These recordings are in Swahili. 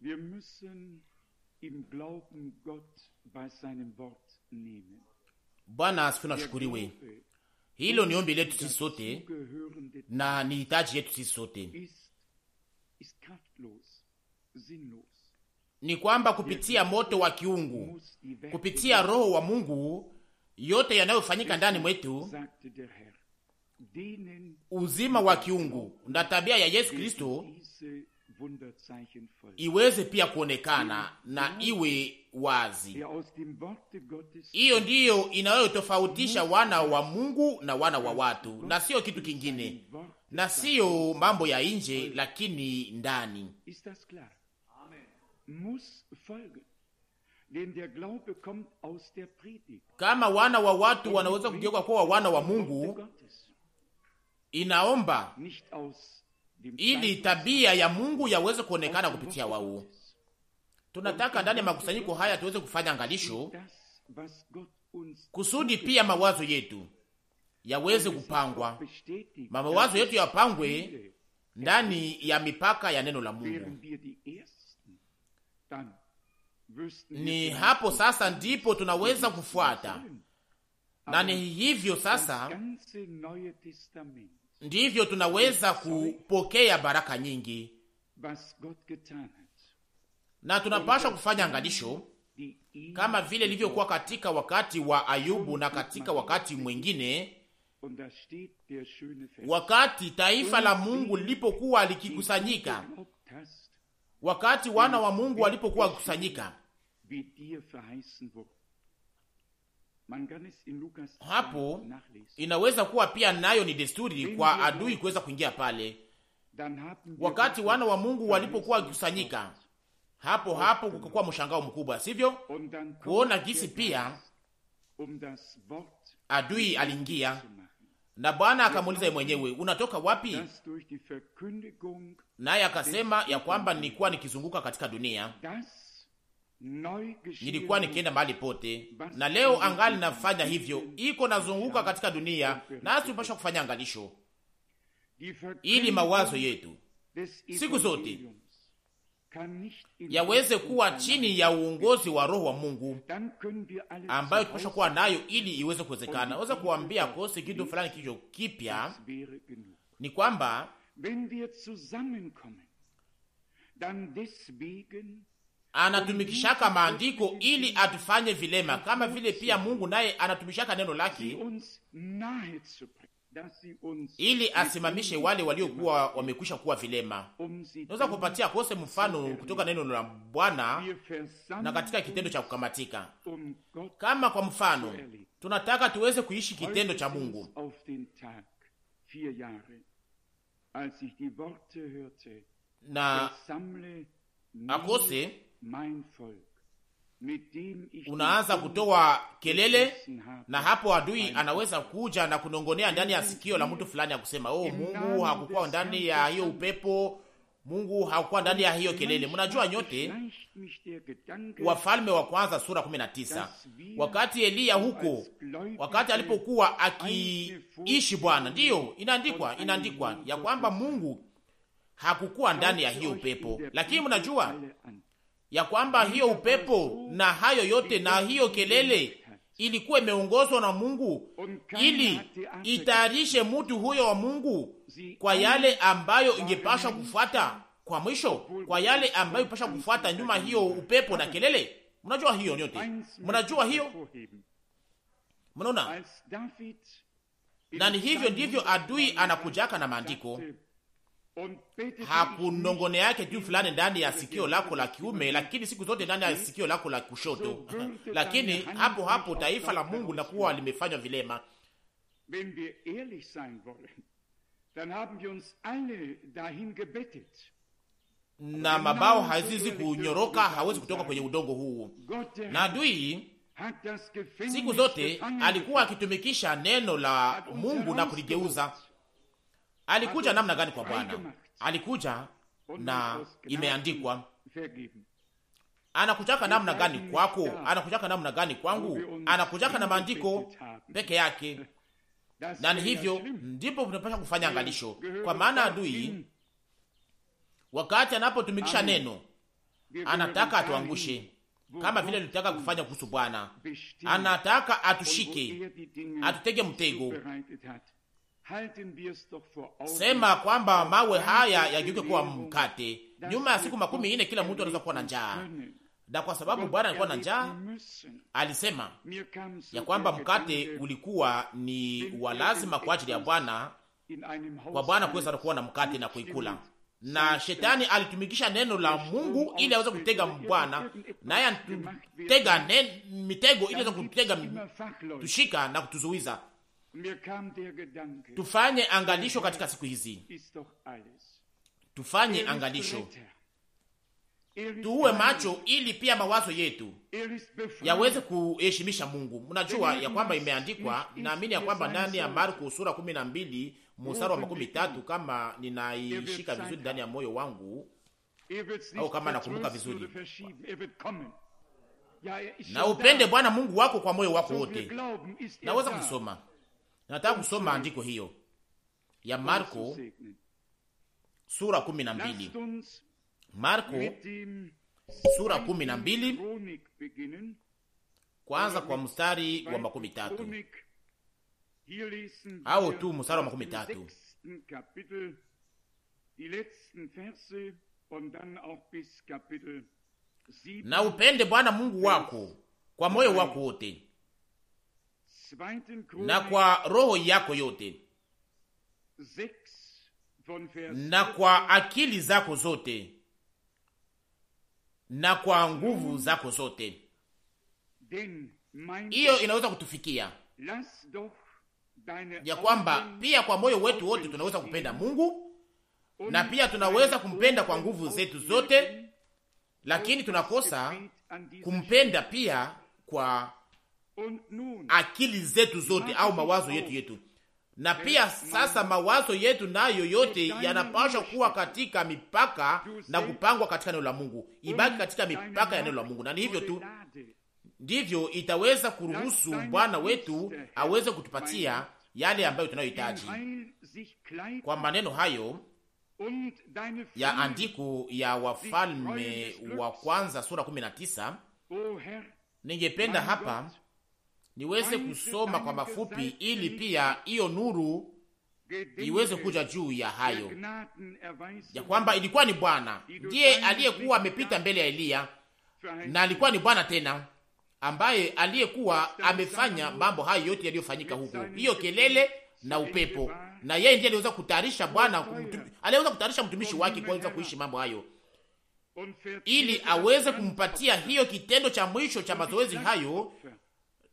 Wir müssen im Glauben Gott bei seinem Wort nehmen. Bwana asifunashukuriwe. Hilo ni ombi letu sisi sote na ni hitaji yetu sisi sote, ni kwamba kupitia moto wa kiungu, kupitia Roho wa Mungu, yote yanayofanyika ndani mwetu, uzima wa kiungu na tabia ya Yesu Kristo iweze pia kuonekana na iwe wazi. Hiyo ndiyo inayotofautisha wana wa Mungu na wana wa watu, na siyo kitu kingine, na siyo mambo ya nje, lakini ndani. Kama wana wa watu wanaweza kugeuka kuwa wana wa Mungu, inaomba ili tabia ya Mungu yaweze kuonekana kupitia wao. Tunataka ndani ya makusanyiko haya tuweze kufanya angalisho kusudi pia mawazo yetu yaweze kupangwa, mawazo yetu yapangwe ndani ya mipaka ya neno la Mungu. Ni hapo sasa ndipo tunaweza kufuata, na ni hivyo sasa ndivyo tunaweza kupokea baraka nyingi, na tunapaswa kufanya angalisho kama vile ilivyokuwa katika wakati wa Ayubu na katika wakati mwengine, wakati taifa la Mungu lilipokuwa likikusanyika, wakati wana wa Mungu walipokuwa wakikusanyika hapo inaweza kuwa pia nayo ni desturi kwa adui kuweza kuingia pale. Wakati wana wa Mungu walipokuwa wakikusanyika hapo hapo, kukakuwa mshangao mkubwa, sivyo? Kuona gisi pia um, adui aliingia, na Bwana akamuuliza ye mwenyewe, unatoka wapi? Naye akasema ya kwamba nilikuwa nikizunguka katika dunia nilikuwa nikienda mahali pote, na leo angali nafanya hivyo, iko nazunguka katika dunia, nasi tupashwa kufanya angalisho ili mawazo yetu siku zote yaweze kuwa chini ya uongozi wa Roho wa Mungu ambayo tupasha kuwa nayo ili iweze kuwezekana. Naweza kuambia kose kitu fulani kicho kipya ni kwamba anatumikishaka maandiko ili atufanye vilema, kama vile pia Mungu naye anatumikishaka neno lake ili asimamishe wale waliokuwa wamekwisha kuwa vilema. Naweza kupatia kose mfano kutoka neno la Bwana na katika kitendo cha kukamatika. Kama kwa mfano, tunataka tuweze kuishi kitendo cha Mungu. Na akose unaanza kutoa kelele, na hapo adui anaweza kuja na kunongonea ndani ya sikio la mtu fulani ya kusema oh, Mungu hakukuwa ndani ya hiyo upepo, Mungu hakukuwa ndani ya hiyo kelele. Mnajua nyote Wafalme wa Kwanza sura 19 wakati Eliya huko, wakati alipokuwa akiishi Bwana, ndiyo inaandikwa, inaandikwa ya kwamba Mungu hakukuwa ndani ya hiyo upepo, lakini mnajua ya kwamba hiyo upepo na hayo yote na hiyo kelele ilikuwa imeongozwa na Mungu ili itayarishe mtu huyo wa Mungu kwa yale ambayo ingepasha kufuata kwa mwisho, kwa yale ambayo ipasha kufuata nyuma hiyo upepo na kelele. Mnajua hiyo nyote, mnajua hiyo, mnaona, na ni hivyo ndivyo adui anakujaka na maandiko hakunongone yake juu fulani ndani ya sikio lako la kiume, lakini siku zote ndani ya sikio lako la kushoto. Lakini hapo hapo taifa la Mungu linakuwa limefanywa vilema. Na mabao hazizi kunyoroka, hawezi kutoka kwenye udongo huu. Na adui siku zote alikuwa akitumikisha neno la Mungu na kuligeuza Alikuja namna gani kwa Bwana? Alikuja na imeandikwa. Anakujaka namna gani kwako? Anakujaka namna gani kwangu? Anakujaka na maandiko peke yake, na ni hivyo ndipo tunapasha kufanya angalisho, kwa maana adui wakati anapotumikisha neno anataka atuangushe kama vile alitaka kufanya kuhusu Bwana. Anataka atushike, atutege mtego sema kwamba mawe haya yageuke kuwa mkate. Nyuma ya siku makumi ine kila mtu anaweza kuwa na njaa, na kwa sababu Bwana alikuwa na njaa, alisema ya kwamba mkate ulikuwa ni wa er lazima kwa ajili ya Bwana, kwa Bwana kuweza kuwa na mkate na kuikula. Na shetani er, alitumikisha neno la Mungu ili aweze kutega er Bwana, naye anatutega mitego ili aweze kutega tushika na kutuzuiza Tufanye angalisho katika siku hizi, tufanye er angalisho, er tuuwe macho, ili pia mawazo yetu er yaweze kuheshimisha Mungu. Mnajua ya kwamba imeandikwa, naamini ya kwamba ndani ya Marko sura kumi na mbili mstari wa makumi tatu kama ninaishika vizuri ndani ya moyo wangu au kama nakumbuka vizuri, na upende Bwana Mungu wako kwa moyo wako wote. Naweza kusoma Nataka kusoma andiko hiyo ya Marko sura kumi na mbili. Marko sura kumi na mbili kwanza kwa mstari wa makumi tatu au tu mstari wa makumi tatu na upende Bwana Mungu wako kwa moyo wako wote na kwa roho yako yote na kwa akili zako zote na kwa nguvu zako zote. Hiyo inaweza kutufikia ya kwamba pia kwa moyo wetu wote tunaweza kupenda Mungu na pia tunaweza kumpenda kwa nguvu zetu zote, lakini tunakosa kumpenda pia kwa akili zetu zote au mawazo yetu yetu, na pia sasa mawazo yetu nayo yote yanapaswa kuwa katika mipaka na kupangwa katika neno la Mungu, ibaki katika mipaka ya neno la Mungu, na ni hivyo tu ndivyo itaweza kuruhusu Bwana wetu aweze kutupatia yale ambayo tunayohitaji kwa maneno hayo ya andiko ya Wafalme wa Kwanza sura 19. Ningependa hapa niweze kusoma kwa mafupi, ili pia hiyo nuru iweze kuja juu ya hayo, ya kwamba ilikuwa ni Bwana ndiye aliyekuwa amepita mbele ya Eliya, na alikuwa ni Bwana tena ambaye aliyekuwa amefanya mambo hayo yote yaliyofanyika huko, hiyo kelele na upepo, na yeye ndiye aliweza kutayarisha Bwana, aliweza kutayarisha mtumishi wake kuweza kuishi mambo hayo, ili aweze kumpatia hiyo kitendo cha mwisho cha mazoezi hayo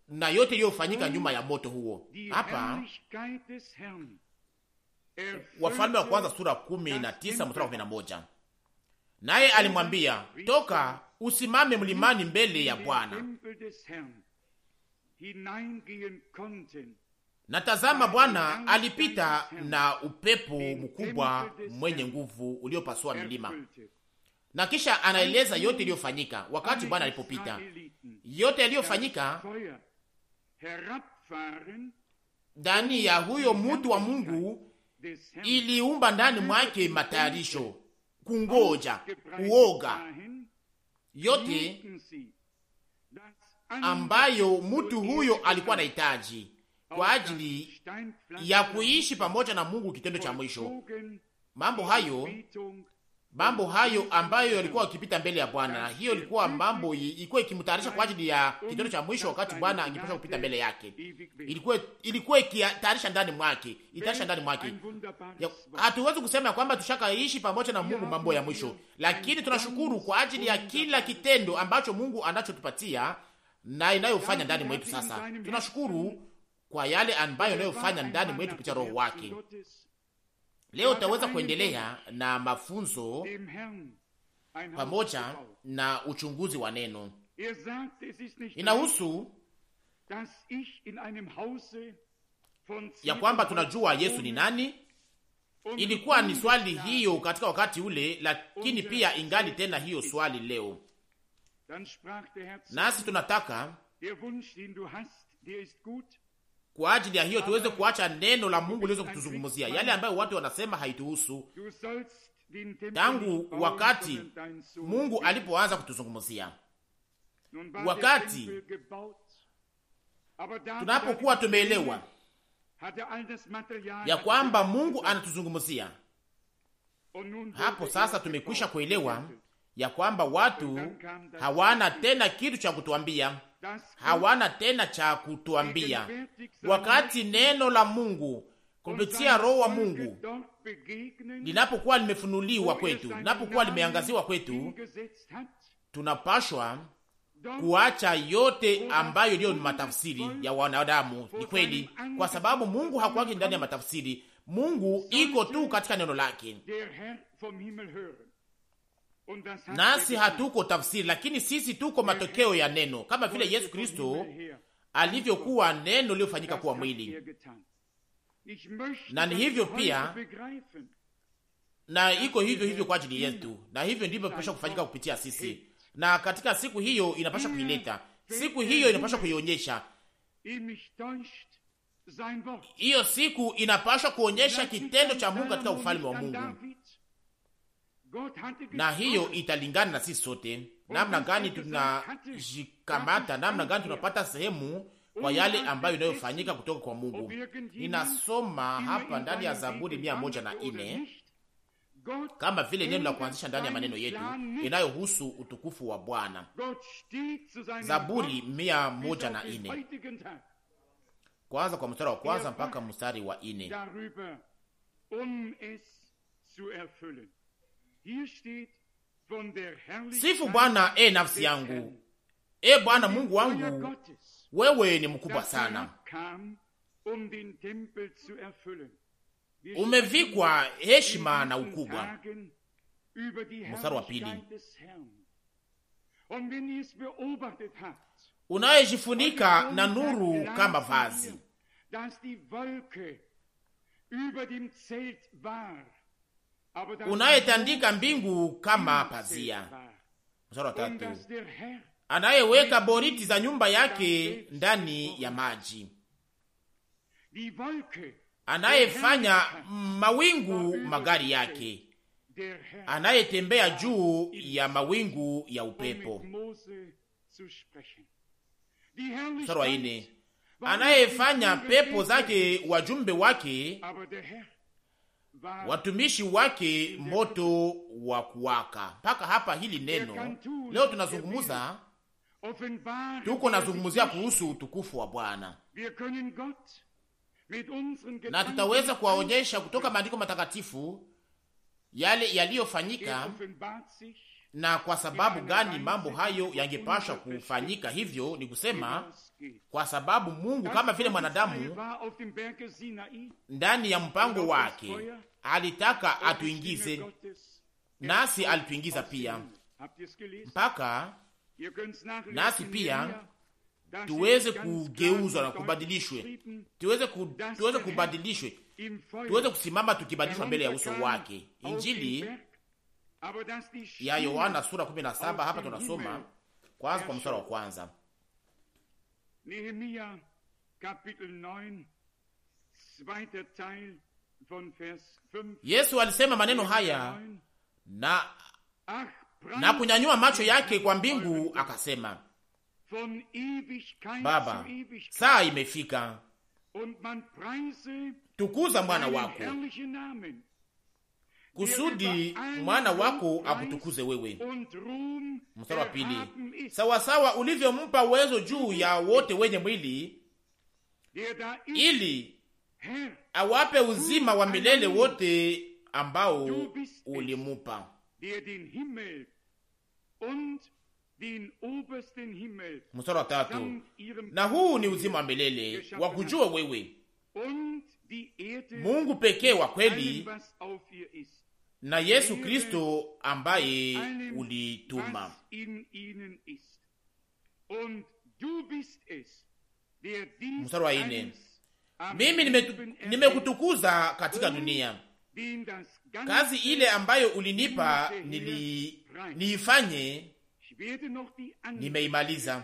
na yote iliyofanyika nyuma ya moto huo. Hapa eh, Wafalme wa eh, kwanza eh, sura kumi na tisa mstari wa kumi na moja naye alimwambia, toka usimame mlimani mbele ya Bwana. Na tazama, Bwana alipita na upepo mkubwa mwenye nguvu uliopasua milima, na kisha anaeleza yote iliyofanyika wakati Bwana alipopita. Yote yaliyofanyika ndani ya huyo mutu wa Mungu iliumba ndani mwake matayarisho, kungoja, kuoga yote ambayo mutu huyo alikuwa anahitaji kwa ajili ya kuishi pamoja na Mungu kitendo cha mwisho. Mambo hayo mambo hayo ambayo yalikuwa yakipita mbele ya Bwana. Hiyo ilikuwa mambo ilikuwa ikimtayarisha kwa ajili ya kitendo cha mwisho, wakati Bwana angepasha kupita mbele yake. Ilikuwa ilikuwa ikitayarisha ndani mwake, itayarisha ndani mwake. Hatuwezi kusema kwamba tushakaishi pamoja na Mungu mambo ya mwisho, lakini tunashukuru kwa ajili ya kila kitendo ambacho Mungu anachotupatia na inayofanya ndani mwetu. Sasa tunashukuru kwa yale ambayo inayofanya ndani mwetu kupitia Roho wake Leo utaweza kuendelea na mafunzo pamoja na uchunguzi wa neno. Inahusu ya kwamba tunajua Yesu ni nani. Ilikuwa ni swali hiyo katika wakati ule, lakini pia ingali tena hiyo swali leo, nasi tunataka kwa ajili ya hiyo tuweze kuacha neno la Mungu liweze kutuzungumzia yale ambayo watu wanasema haituhusu. Tangu wakati Mungu alipoanza kutuzungumzia, wakati tunapokuwa tumeelewa ya kwamba Mungu anatuzungumzia, hapo sasa tumekwisha kuelewa ya kwamba watu hawana tena kitu cha kutuambia hawana tena cha kutuambia, wakati neno la Mungu kupitia Roho wa Mungu linapokuwa limefunuliwa kwetu, linapokuwa limeangaziwa kwetu, tunapashwa kuacha yote ambayo iliyo ni matafsiri ya wanadamu. Ni kweli, kwa sababu Mungu hakuwaki ndani ya matafsiri. Mungu iko tu katika neno lake nasi hatuko tafsiri, lakini sisi tuko matokeo ya neno, kama vile Yesu Kristo alivyokuwa neno liliofanyika kuwa mwili. Na ni hivyo pia, na iko hivyo hivyo kwa ajili yetu, na hivyo ndivyo pasha kufanyika kupitia sisi, na katika siku hiyo inapasha kuileta, siku hiyo inapasha kuionyesha hiyo siku inapashwa kuonyesha kitendo cha Mungu katika ufalme wa Mungu na hiyo italingana na sisi sote, namna gani tunajikamata, namna gani tunapata sehemu kwa yale ambayo inayofanyika kutoka kwa Mungu. Ninasoma hapa ndani ya Zaburi mia moja na ine kama vile neno la kuanzisha ndani ya maneno yetu inayohusu utukufu wa Bwana. Zaburi mia moja na ine kwanza kwa mstari wa kwanza mpaka mstari wa ine. Um, es zu erfüllen. Sifu Bwana e nafsi yangu, e Bwana Mungu wangu, wewe ni mkubwa sana. Um Umevikwa heshima na ukubwa. Mstari wa pili, unayejifunika na nuru kama vazi unayetandika mbingu kama pazia. Mstari wa tatu, anayeweka boriti za nyumba yake ndani ya maji, anayefanya mawingu magari yake, anayetembea juu ya mawingu ya upepo. Mstari wa nne, anayefanya pepo zake wajumbe wake watumishi wake moto wa kuwaka. Mpaka hapa hili neno leo tunazungumza, tuko nazungumuzia kuhusu utukufu wa Bwana na tutaweza kuwaonyesha kutoka maandiko matakatifu yale yaliyofanyika na kwa sababu gani mambo hayo yangepasha kufanyika hivyo? Ni kusema kwa sababu Mungu kama vile mwanadamu ndani ya mpango wake alitaka atuingize, nasi alituingiza pia, mpaka nasi pia tuweze kugeuzwa na kubadilishwe, tuweze, ku, tuweze kubadilishwe, tuweze kusimama tukibadilishwa mbele ya uso wake. Injili ya Yohana sura 17. Hapa tunasoma kwanza kwa mstari wa kwanza Nehemia kapitel 9 zweiter Teil von Vers 5. Yesu alisema maneno haya na na kunyanyua macho yake kwa mbingu akasema, Baba, saa imefika, tukuza mwana wako kusudi mwana wako akutukuze wewe. Mstari wa pili, sawasawa ulivyompa uwezo juu ya wote wenye mwili, ili awape uzima wa milele wote ambao ulimupa. Mstari wa tatu, na huu ni uzima wa milele wa kujua wewe Mungu pekee wa kweli na Yesu Kristo ambaye ulituma. Mstari wa ine, mimi nimekutukuza katika dunia, kazi ile ambayo ulinipa nili niifanye, nimeimaliza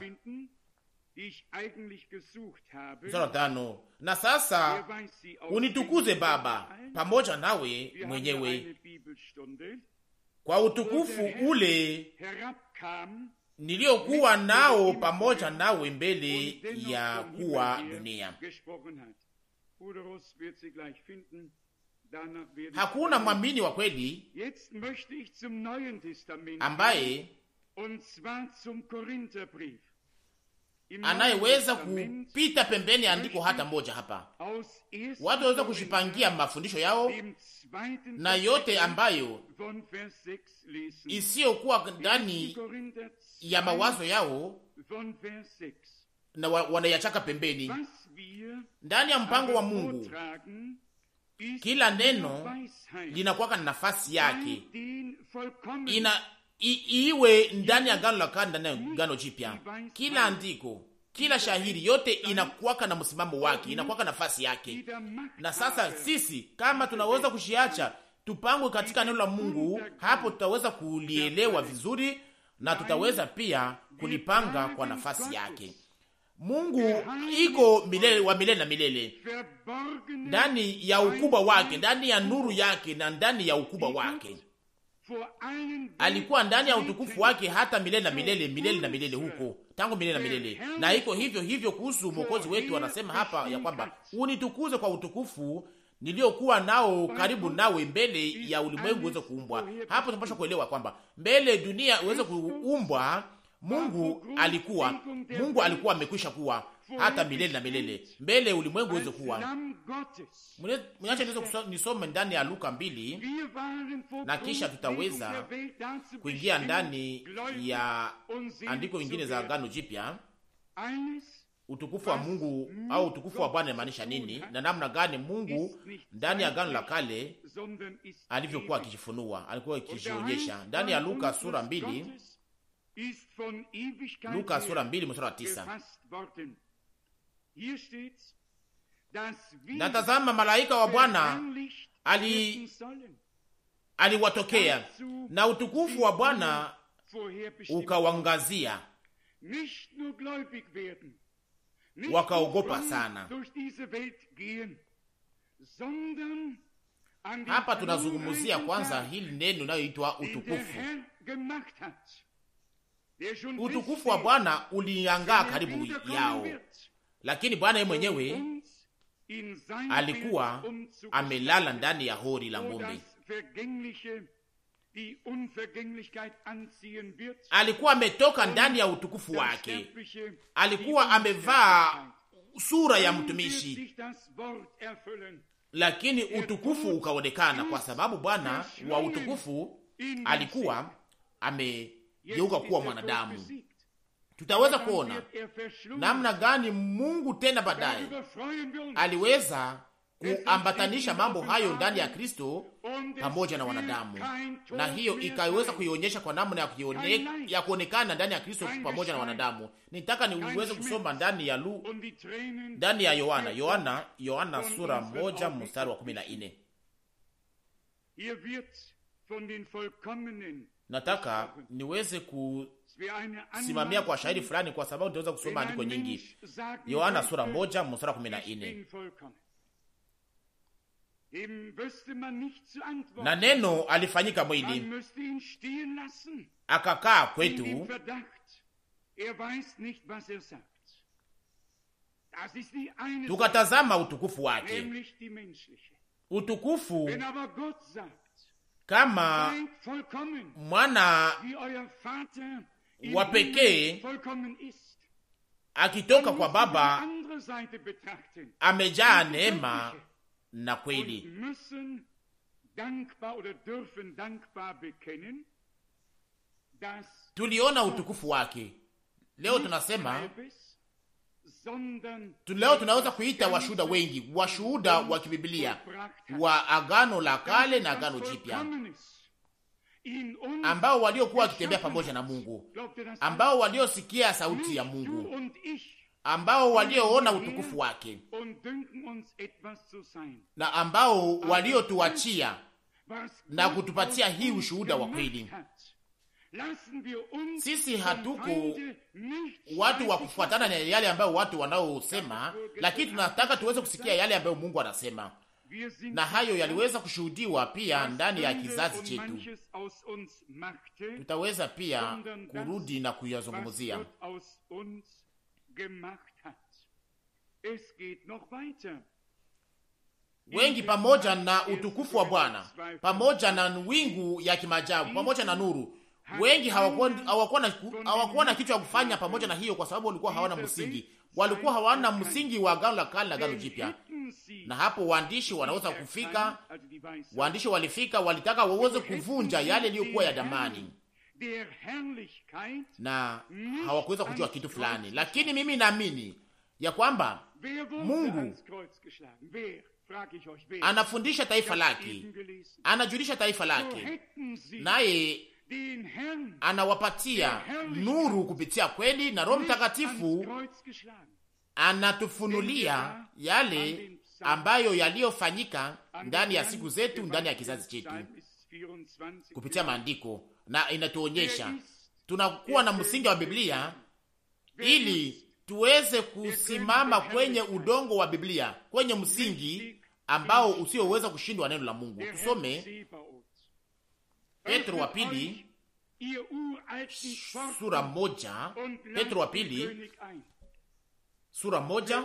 Sura tano. Na sasa unitukuze Baba pamoja nawe mwenyewe kwa utukufu ule niliyokuwa nao pamoja nawe mbele ya kuwa dunia. Hakuna mwamini wa kweli ambaye anayeweza kupita pembeni ya andiko hata moja hapa. Watu waweza kujipangia mafundisho yao na yote ambayo isiyokuwa ndani ya mawazo yao na wa, wanayachaka pembeni ndani ya mpango wa Mungu. Kila neno linakuwaka na nafasi yake ina iwe ndani ya gano la kale, ndani ya gano jipya, kila andiko, kila shahidi yote inakuwaka na msimamo wake, inakuwaka nafasi yake. Na sasa sisi kama tunaweza kushiacha tupangwe katika neno la Mungu, hapo tutaweza kulielewa vizuri na tutaweza pia kulipanga kwa nafasi yake. Mungu iko milele wa milele na milele, ndani ya ukubwa wake, ndani ya nuru yake na ndani ya ukubwa wake alikuwa ndani ya utukufu wake hata milele na milele, milele na milele, huko tangu milele na milele. Na iko hivyo hivyo kuhusu mwokozi wetu, anasema hapa ya kwamba unitukuze kwa utukufu niliyokuwa nao karibu nawe mbele ya ulimwengu uweze kuumbwa. Hapo tunapaswa kuelewa kwamba mbele dunia iweze kuumbwa, Mungu alikuwa Mungu alikuwa amekwisha kuwa hata milele na milele, mbele ulimwengu uweze kuwa. Mniache niweze nisome ndani ya Luka mbili na kisha tutaweza kuingia ndani ya andiko nyingine za Agano Jipya. Utukufu wa Mungu au utukufu wa Bwana inamaanisha nini na namna gani Mungu ndani ya Agano la Kale alivyokuwa akijifunua, alikuwa akijionyesha ndani ya Luka sura mbili Luka sura mbili mstari wa tisa na tazama, malaika wa Bwana ali aliwatokea na utukufu wa Bwana ukawangazia, wakaogopa sana. Hapa tunazungumzia kwanza hili neno inayoitwa utukufu. Utukufu wa Bwana uliangaa karibu yao lakini Bwana yeye mwenyewe alikuwa amelala ndani ya hori la ng'ombe. Alikuwa ametoka ndani ya utukufu wake, alikuwa amevaa sura ya mtumishi, lakini utukufu ukaonekana, kwa sababu Bwana wa utukufu alikuwa amegeuka kuwa mwanadamu tutaweza kuona namna gani Mungu tena baadaye aliweza kuambatanisha mambo hayo ndani ya Kristo pamoja na wanadamu, na hiyo ikaweza kuionyesha kwa namna ya kuonekana ndani ya Kristo pamoja na wanadamu. Nitaka niweze kusoma ndani ya Lu, ndani ya Yohana, Yohana, Yohana sura moja mstari wa kumi na nne. Nataka niweze ku simamia kwa shahidi fulani, kwa sababu tunaweza kusoma andiko nyingi. Yohana sura moja mstari kumi na nne na neno alifanyika mwili akakaa kwetu. Er er Tukatazama utukufu wake, utukufu kama mwana wa pekee akitoka kwa Baba amejaa neema na kweli, tuliona utukufu wake. Leo tunasema leo tunaweza kuita washuhuda wengi, washuhuda wa kibibilia wa Agano la Kale na Agano Jipya ambao waliokuwa wakitembea pamoja na Mungu, ambao waliosikia sauti ya Mungu, ambao walioona utukufu wake na ambao waliotuachia na kutupatia hii ushuhuda wa kweli. Sisi hatuko watu wa kufuatana na yale ambayo watu wanaosema, lakini tunataka tuweze kusikia yale ambayo Mungu anasema na hayo yaliweza kushuhudiwa pia ndani ya kizazi chetu. Tutaweza pia kurudi na kuyazungumzia. Wengi pamoja na utukufu wa Bwana, pamoja na wingu ya kimajabu pamoja na nuru, wengi hawakuwa hawakuwa na kitu ya kufanya pamoja na hiyo, kwa sababu walikuwa hawana msingi, walikuwa hawana msingi wa Agano la Kale na Agano Jipya na hapo waandishi wanaweza kufika. Waandishi walifika, walitaka waweze kuvunja yale yaliyokuwa ya damani na hawakuweza kujua kitu fulani, lakini mimi naamini ya kwamba Mungu anafundisha taifa lake, anajulisha taifa lake, naye anawapatia nuru kupitia kweli, na Roho Mtakatifu anatufunulia yale ambayo yaliyofanyika ndani ya siku zetu, ndani ya kizazi chetu kupitia maandiko, na inatuonyesha tunakuwa na msingi wa Biblia ili tuweze kusimama kwenye udongo wa Biblia, kwenye msingi ambao usioweza kushindwa neno la Mungu. Tusome Petro wa pili sura moja, Petro wa pili sura moja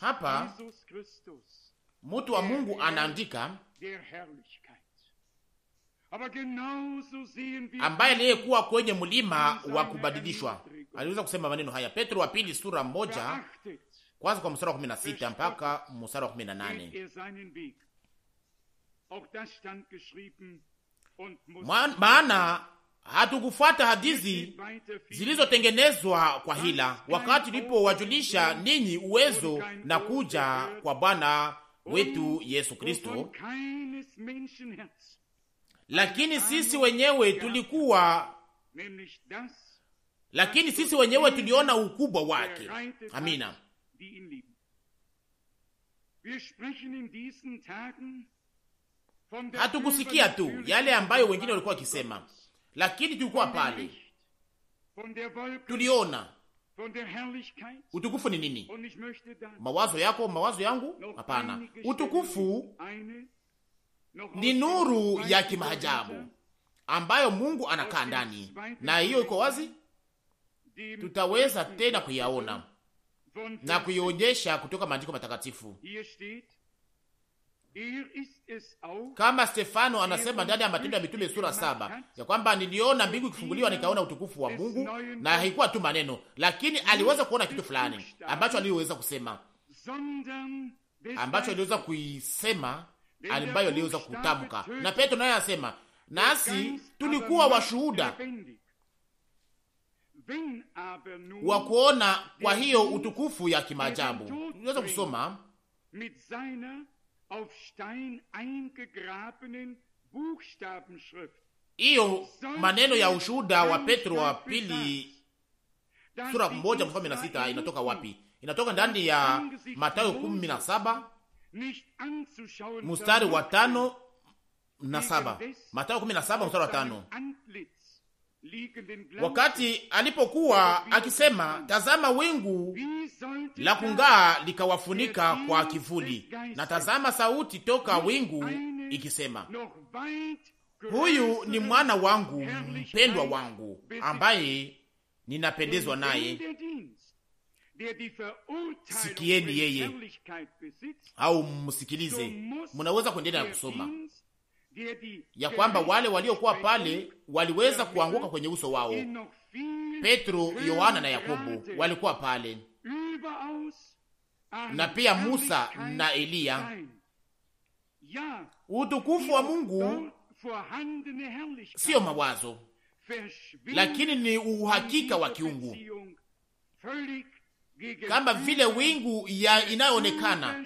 hapa mtu wa Mungu anaandika ambaye aliyekuwa kwenye mlima wa kubadilishwa aliweza kusema maneno haya. Petro wa pili sura moja kwanza kwa mstari wa kumi na sita mpaka mstari wa kumi na nane maana hatukufuata hadithi zilizotengenezwa kwa hila, wakati tulipowajulisha ninyi uwezo na kuja kwa Bwana wetu Yesu Kristo, lakini sisi wenyewe tulikuwa lakini sisi wenyewe tuliona ukubwa wake. Amina. Hatukusikia tu yale ambayo wengine walikuwa wakisema lakini tulikuwa pale, tuliona utukufu ni nini. Mawazo yako, mawazo yangu? Hapana, utukufu ni nuru ya kimaajabu ambayo Mungu anakaa ndani, na hiyo iko wazi, tutaweza tena kuyaona na kuionyesha kutoka maandiko matakatifu kama Stefano anasema ndani ya Matendo ya Mitume sura saba ya kwamba niliona mbingu ikifunguliwa nikaona utukufu wa Mungu, na haikuwa tu maneno, lakini aliweza kuona kitu fulani ambacho aliweza kusema, ambacho aliweza kuisema, ambayo aliweza kutamka. Na Petro naye anasema, nasi tulikuwa washuhuda wa kuona kwa hiyo utukufu ya kimaajabu. Tunaweza kusoma hiyo maneno ya ushuda wa Petro wa pili sura moja mstari na sita inatoka wapi? Inatoka ndani ya Mathayo kumi na saba mstari wa tano na saba Mathayo kumi na saba mstari wa tano wakati alipokuwa akisema, tazama wingu la kung'aa likawafunika kwa kivuli, na tazama sauti toka wingu ikisema, huyu ni mwana wangu mpendwa wangu ambaye ninapendezwa naye, sikieni yeye au msikilize. Munaweza kuendelea na kusoma ya kwamba wale waliokuwa pale waliweza kuanguka kwenye uso wao. Petro, Yohana na Yakobo walikuwa pale, na pia Musa na Eliya. Utukufu wa Mungu siyo mawazo, lakini ni uhakika wa kiungu kama vile wingu ya inayoonekana,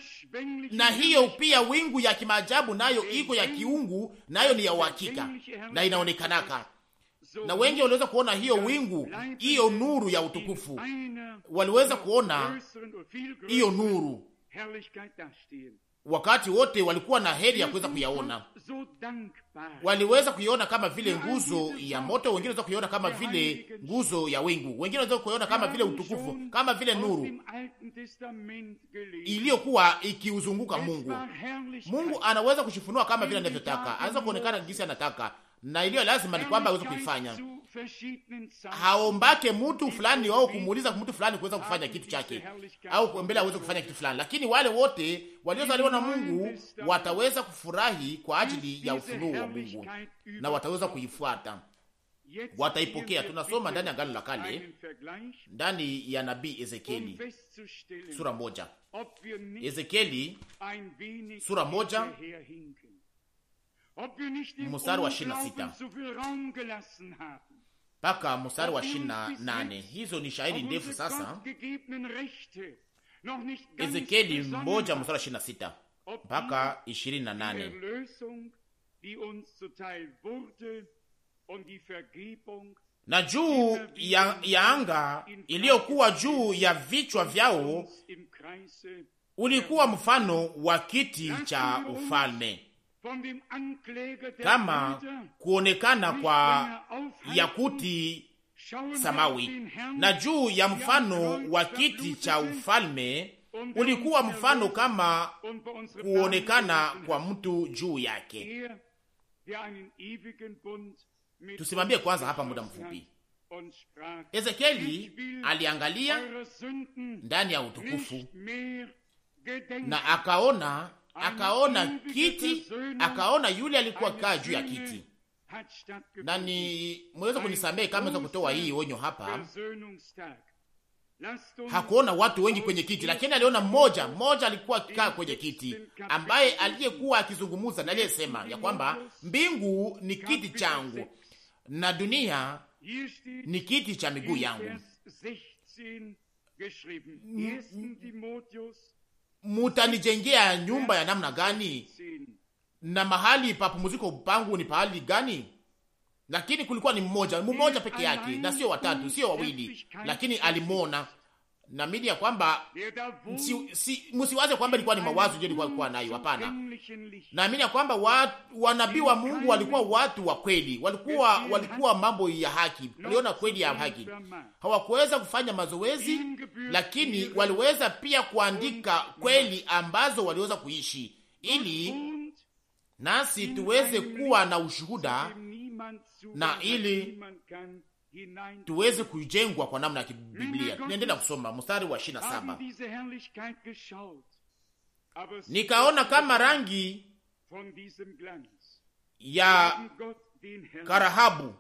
na hiyo pia wingu ya kimaajabu, nayo iko ya kiungu, nayo ni ya uhakika na inaonekanaka na wengi waliweza kuona hiyo wingu, hiyo nuru ya utukufu, waliweza kuona hiyo nuru wakati wote walikuwa na heri ya kuweza kuyaona. Waliweza kuiona kama vile nguzo ya moto, wengine waweza kuiona kama vile nguzo ya wingu, wengine waweza kuiona kama vile utukufu, kama vile nuru iliyokuwa ikiuzunguka Mungu. Mungu anaweza kushifunua kama vile anavyotaka, anaweza kuonekana jinsi anataka, na iliyo lazima ni kwamba aweze kuifanya haombake mtu fulani au kumuuliza mtu fulani kuweza kufanya kitu chake au kuembele aweze kufanya kitu fulani, lakini wale wote waliozaliwa na Mungu wataweza kufurahi kwa ajili ya ufunuo wa Mungu na wataweza kuifuata, wataipokea. Tunasoma ndani ya Agano la Kale, ndani ya nabii Ezekieli sura moja, Ezekieli sura moja mstari wa ishirini na sita mpaka mstari wa ishirini na nane. Hizo ni shahidi ndefu sasa. Ezekieli moja mstari wa ishirini na sita mpaka ishirini na nane. Na juu ya, ya anga iliyokuwa juu ya vichwa vyao ulikuwa mfano wa kiti cha ufalme kama kuonekana kwa yakuti samawi, na juu ya mfano wa kiti cha ufalme ulikuwa mfano kama kuonekana kwa mtu juu yake. Tusimambie kwanza hapa muda mfupi. Ezekieli aliangalia ndani ya utukufu na akaona akaona kiti, akaona yule alikuwa kaa juu ya kiti. Na ni mweza kunisamehe kama za kutoa hii onyo hapa, hakuona watu wengi kwenye kiti, lakini aliona mmoja mmoja alikuwa kaa kwenye kiti, ambaye aliyekuwa akizungumuza na aliyesema ya kwamba mbingu ni kiti changu na dunia ni kiti cha miguu yangu mutanijengea nyumba ya namna gani na mahali pa pumziko pangu ni pahali gani? Lakini kulikuwa ni mmoja mmoja peke yake, na sio watatu, sio wawili, lakini alimwona Naamini ya kwamba si, si, msiwaze kwamba ilikuwa ni mawazo je, ilikuwa alikuwa nayo. Hapana, naamini ya kwamba wa, wanabii wa Mungu walikuwa watu wa kweli, walikuwa walikuwa mambo ya haki, waliona kweli ya haki. Hawakuweza kufanya mazoezi, lakini waliweza pia kuandika kweli ambazo waliweza kuishi, ili nasi tuweze kuwa na ushuhuda na ili tuweze kujengwa kwa namna ya kibiblia. Tunaendelea kusoma mstari wa ishirini na saba nikaona kama rangi ya karahabu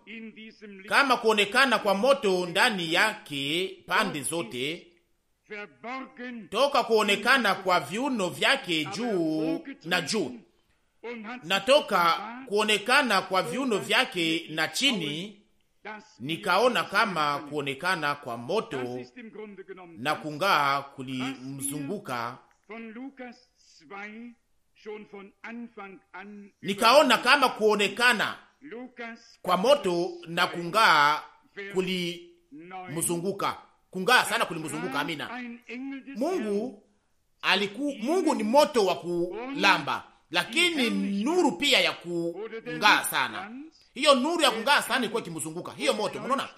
kama kuonekana kwa moto ndani yake pande zote, toka kuonekana kwa viuno vyake juu na juu, na toka kuonekana kwa viuno vyake na chini nikaona kama kuonekana kwa moto na kung'aa kulimzunguka nikaona kama kuonekana kwa moto na kung'aa kulimzunguka, kung'aa sana kulimzunguka. Amina. Mungu aliku, Mungu ni moto wa kulamba, lakini nuru pia ya kung'aa sana hiyo nuru ya kung'aa sana ilikuwa ikimzunguka hiyo moto. Unaona,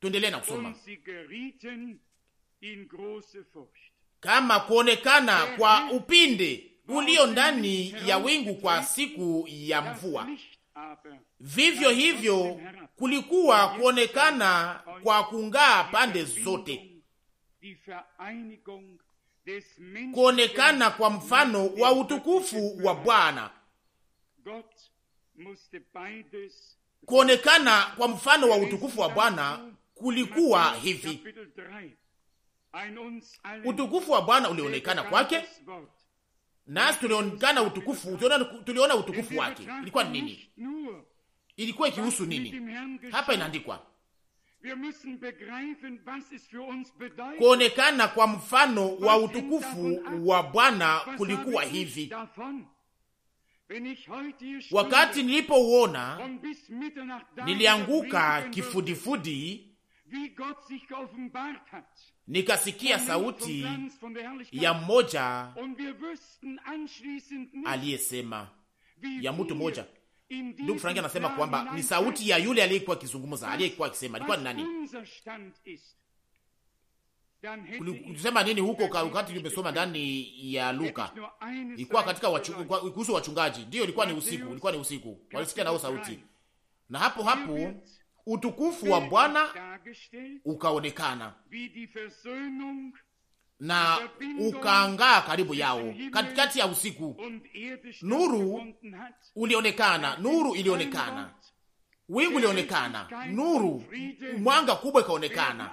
tuendelee na kusoma kama kuonekana kwa upinde ulio ndani ya wingu kwa siku ya mvua. Vivyo hivyo kulikuwa kuonekana kwa kung'aa pande zote, kuonekana kwa mfano wa utukufu wa Bwana Kuonekana kwa mfano wa utukufu wa Bwana kulikuwa hivi, utukufu wa Bwana ulionekana kwake, nasi tulionekana utukufu, tuliona utukufu wake. Ilikuwa nini? Ilikuwa ikihusu nini? Hapa inaandikwa kuonekana kwa mfano wa utukufu wa Bwana kulikuwa hivi. Wakati nilipouona nilianguka kifudifudi, nikasikia sauti ya mmoja aliyesema, ya mtu mmoja. Ndugu Franki anasema kwamba ni sauti ya yule aliyekuwa akizungumza, aliyekuwa akisema. Alikuwa ni nani? ulisema nini huko wakati umesoma ndani ya Luka? Ilikuwa katika kuhusu wachungaji, ndiyo, ilikuwa ni usiku, ilikuwa ni usiku, walisikia nao sauti, na hapo hapo utukufu wa Bwana ukaonekana na ukaangaa karibu yao katikati ya usiku. Nuru ulionekana, nuru ilionekana, wingu ilionekana, nuru, mwanga kubwa ikaonekana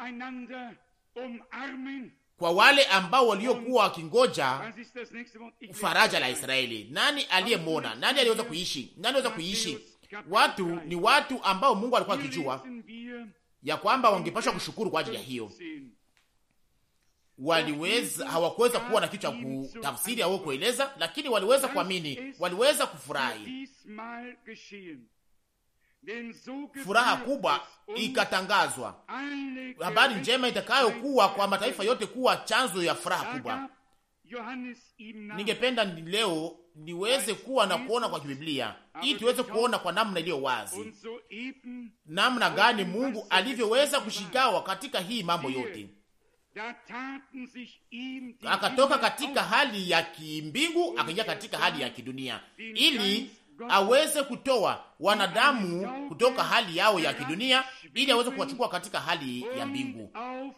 kwa wale ambao waliokuwa wakingoja faraja la Israeli. Nani aliyemwona? Nani aliweza kuishi? Nani aliweza kuishi? Watu ni watu ambao Mungu alikuwa akijua ya kwamba wangepashwa kushukuru kwa ajili ya hiyo, waliweza hawakuweza kuwa na kitu cha kutafsiri au kueleza, lakini waliweza kuamini, waliweza kufurahi furaha kubwa ikatangazwa habari njema itakayokuwa kwa mataifa yote kuwa chanzo ya furaha kubwa. Ningependa leo niweze kuwa na kuona kwa kibiblia, ili tuweze kuona kwa namna iliyo wazi namna gani Mungu alivyoweza kushigawa katika hii mambo yote, akatoka katika hali ya kimbingu akaingia katika hali ya kidunia ili aweze kutoa wanadamu kutoka hali yao ya kidunia ili aweze kuwachukua katika hali ya mbingu.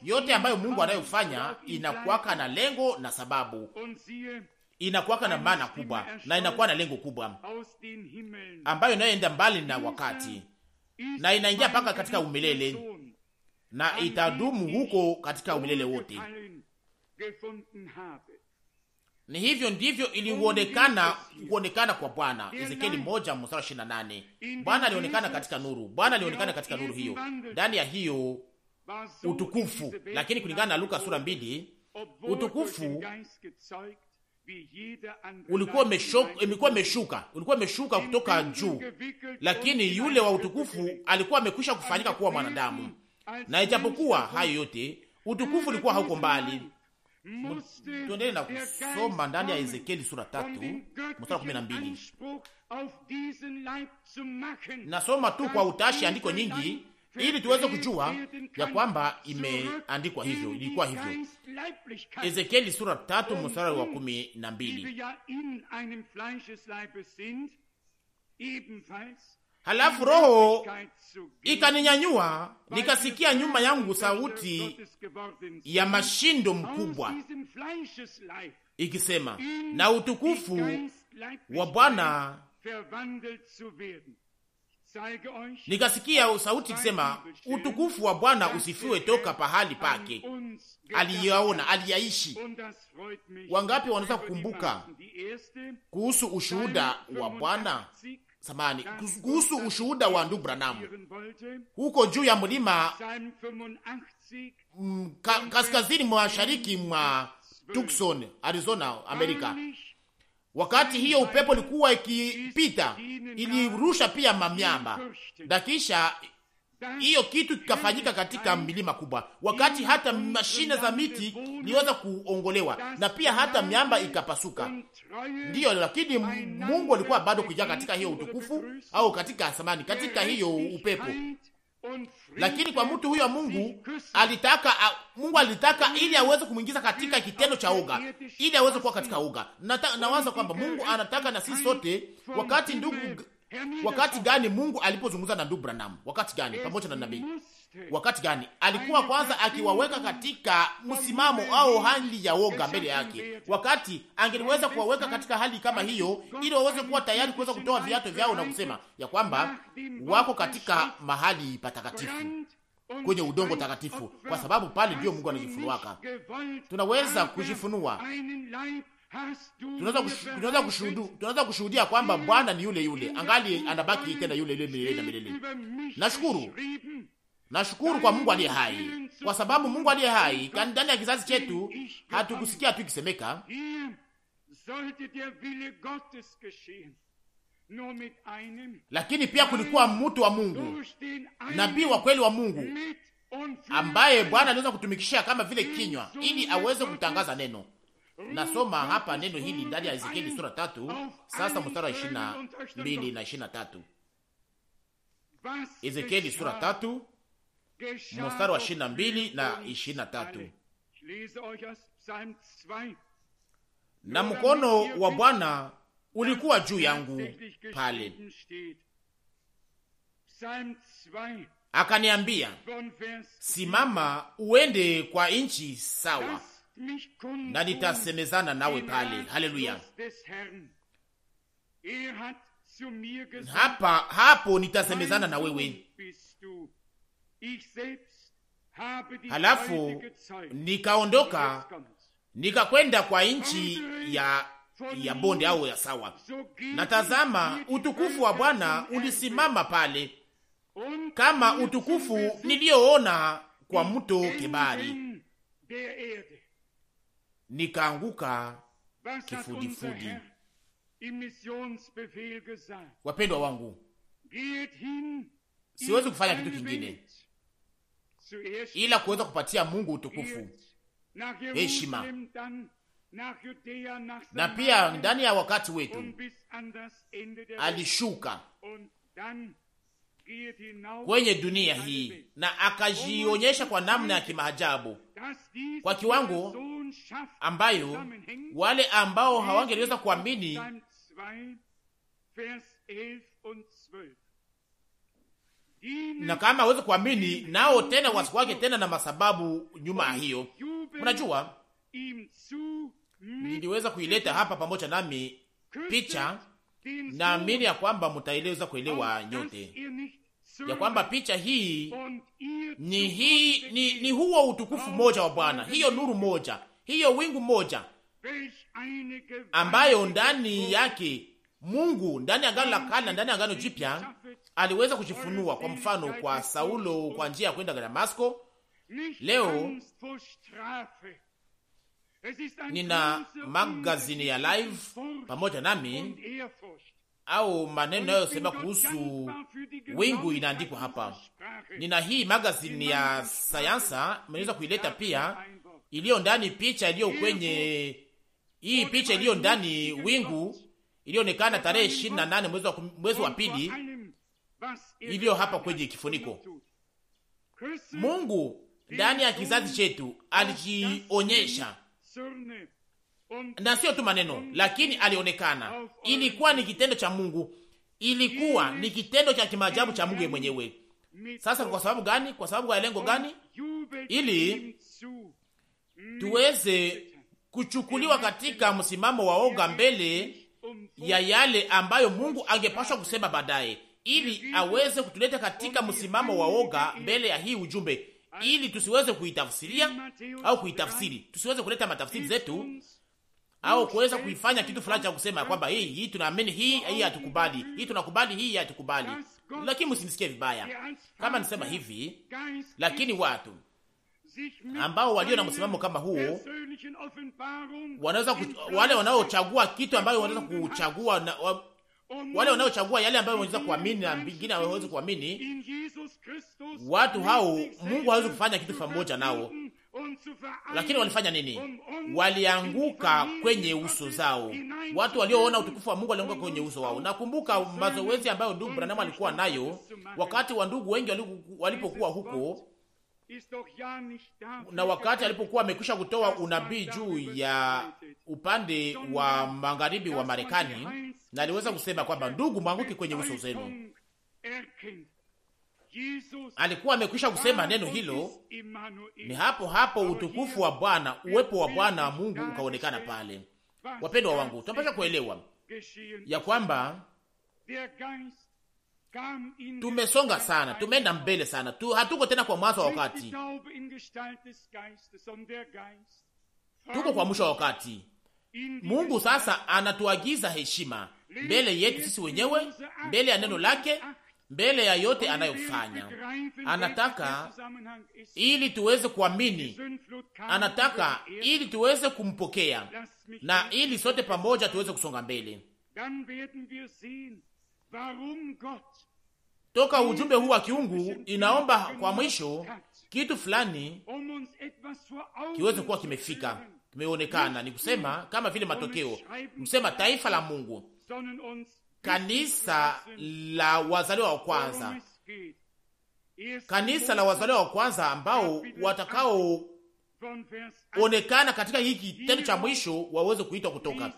Yote ambayo Mungu anayofanya inakuwaka na lengo na sababu, inakuwaka na maana kubwa na inakuwa na lengo kubwa ambayo inayoenda mbali na wakati na inaingia mpaka katika umilele na itadumu huko katika umilele wote. Ni hivyo ndivyo ilionekana kuonekana kwa Bwana. Ezekieli moja mstari ishirini na nane. Bwana alionekana katika nuru, Bwana alionekana katika nuru hiyo, ndani ya hiyo utukufu. Lakini kulingana na Luka sura mbili, utukufu ulikuwa imekuwa ulikuwa umeshuka kutoka juu, lakini yule wa utukufu alikuwa amekwisha kufanyika kuwa mwanadamu, na ijapokuwa hayo yote utukufu ulikuwa hauko mbali tuendele na kusoma ndani ya Ezekieli sura tatu mstari kumi na mbili. Nasoma tu kwa utashi andiko nyingi ili tuweze kujua ya kwamba imeandikwa hivyo, ilikuwa hivyo. Ezekieli sura tatu mstari wa kumi na mbili. Halafu Roho ikaninyanyua nikasikia nyuma yangu sauti ya mashindo mkubwa ikisema, na utukufu wa Bwana. Nikasikia sauti ikisema, utukufu wa Bwana usifiwe toka pahali pake aliyaona, aliyaishi. Wangapi wanaweza kukumbuka kuhusu ushuhuda wa Bwana? samani kuhusu ushuhuda wa ndugu Branham huko juu ya mlima mm, kaskazini mashariki mwa Tucson, Arizona, Amerika. Wakati hiyo upepo ilikuwa ikipita, ilirusha pia mamiamba na kisha hiyo kitu kikafanyika katika milima kubwa, wakati hata mashina za miti liweza kuongolewa na pia hata miamba ikapasuka. Ndiyo, lakini Mungu alikuwa bado kuja katika hiyo utukufu au katika samani, katika hiyo upepo. Lakini kwa mtu huyo Mungu alitaka, Mungu alitaka ili aweze kumwingiza katika kitendo cha uga, ili aweze kuwa katika uga. Nawaza kwamba Mungu anataka na sisi sote, wakati ndugu Wakati gani Mungu alipozungumza na ndugu Branham? Wakati gani pamoja na nabii? Wakati gani alikuwa kwanza akiwaweka katika msimamo au hali ya woga mbele yake? Wakati angeliweza kuwaweka katika hali kama hiyo, ili waweze kuwa tayari kuweza kutoa viatu vyao na kusema ya kwamba wako katika mahali patakatifu kwenye udongo takatifu, kwa sababu pale ndiyo Mungu anajifunuaka. Tunaweza kujifunua tunaweza kushuhudia kwamba Bwana ni yule yule, angali anabaki tena yule yule milele na milele. Nashukuru, nashukuru kwa Mungu aliye hai, kwa sababu Mungu aliye hai ndani ya kizazi chetu hatukusikia tu ikisemeka lakini pia kulikuwa mtu wa Mungu, nabii wa kweli wa Mungu ambaye Bwana aliweza kutumikishia kama vile kinywa, ili aweze kutangaza neno Nasoma hapa neno hili ndani ya Ezekieli sura tatu sasa mstari wa ishirini na mbili na ishirini na tatu Ezekieli sura tatu mstari wa ishirini na mbili na ishirini na tatu na mkono wa Bwana ulikuwa juu yangu pale, akaniambia, simama uende kwa nchi sawa na nitasemezana nawe pale. Haleluya! Er Hapa hapo nitasemezana na wewe. Halafu nikaondoka nikakwenda kwa nchi ya ya bonde au ya sawa, natazama utukufu wa Bwana ulisimama pale kama utukufu niliyoona kwa mto Kebari nikaanguka kifudifudi. Wapendwa wangu, siwezi kufanya kitu kingine ila kuweza kupatia Mungu utukufu, heshima na pia ndani ya wakati wetu alishuka kwenye dunia hii na akajionyesha um kwa namna ya kimaajabu, kwa kiwango ambayo wale ambao hawangeliweza kuamini na kama aweze kuamini nao tena wasiku wake tena na masababu nyuma ya hiyo. Unajua, niliweza kuileta hapa pamoja nami picha, naamini ya kwamba mtaeleza kuelewa nyote ya kwamba picha hii ni, hii, ni, ni huo utukufu moja wa Bwana, hiyo nuru moja hiyo wingu moja ambayo ndani yake Mungu ndani ya Agano la Kale na ndani ya Agano Jipya aliweza kujifunua kwa mfano kwa Saulo kwa njia ya kwenda Damasko. Leo nina magazini ya live pamoja nami au maneno nayosema kuhusu wingu inaandikwa hapa. Nina hii magazini ya sayansa, naweza kuileta pia iliyo ndani, picha iliyo mm-hmm. kwenye hii picha iliyo ndani wingu ilionekana tarehe ishirini na nane mwezi wa, mwezi wa pili iliyo hapa kwenye kifuniko. Mungu ndani ya kizazi chetu alijionyesha, um, na sio tu maneno, um, lakini alionekana. Ilikuwa ni kitendo cha Mungu, ilikuwa ni kitendo cha kimaajabu cha Mungu mwenyewe. Sasa kwa sababu gani? Kwa sababu ya lengo um, gani? Ili tuweze kuchukuliwa katika msimamo wa oga mbele ya yale ambayo Mungu angepashwa kusema baadaye, ili aweze kutuleta katika msimamo wa oga mbele ya hii ujumbe, ili tusiweze kuitafsiria au kuitafsiri, tusiweze kuleta matafsiri zetu au kuweza kuifanya kitu fulani cha kusema kwamba hii hii tunaamini, hii hii hatukubali, hii tunakubali, hii hatukubali. Lakini msinisikie vibaya kama nisema hivi, lakini watu ambao walio na msimamo kama huo wanaweza wale wanaochagua kitu ambayo wanaweza kuchagua na, wa, wale wanaochagua yale ambayo wanaweza kuamini na vingine hawawezi kuamini. Watu hao Mungu hawezi kufanya kitu pamoja nao, lakini walifanya nini? Um walianguka kwenye uso zao. Watu walioona utukufu wa Mungu walianguka kwenye uso wao. Nakumbuka mazoezi ambayo ndugu Branham alikuwa nayo wakati wa ndugu wengi walipokuwa huko na wakati alipokuwa amekwisha kutoa unabii juu ya upande wa magharibi wa Marekani, na aliweza kusema kwamba ndugu, mwanguki kwenye uso zenu. Alikuwa amekwisha kusema neno hilo, ni hapo hapo utukufu wa Bwana, uwepo wa Bwana wa Mungu ukaonekana pale. Wapendwa wangu, tunapasha kuelewa ya kwamba Tumesonga sana, tumeenda mbele sana tu, hatuko tena kwa mwanzo wa wakati, tuko kwa mwisho wa wakati. Mungu sasa anatuagiza heshima mbele yetu er sisi wenyewe, mbele ya neno lake, mbele ya yote anayofanya. Anataka ili tuweze kuamini, anataka ili tuweze kumpokea na ili sote pamoja tuweze kusonga mbele toka ujumbe huu wa kiungu inaomba kwa mwisho kitu fulani um kiweze kuwa kimefika kimeonekana, ni kusema kama vile matokeo msema taifa la Mungu, kanisa la wazaliwa wa kwanza, kanisa la wazaliwa wa kwanza ambao watakao onekana katika hii kitendo cha mwisho waweze kuitwa kutoka,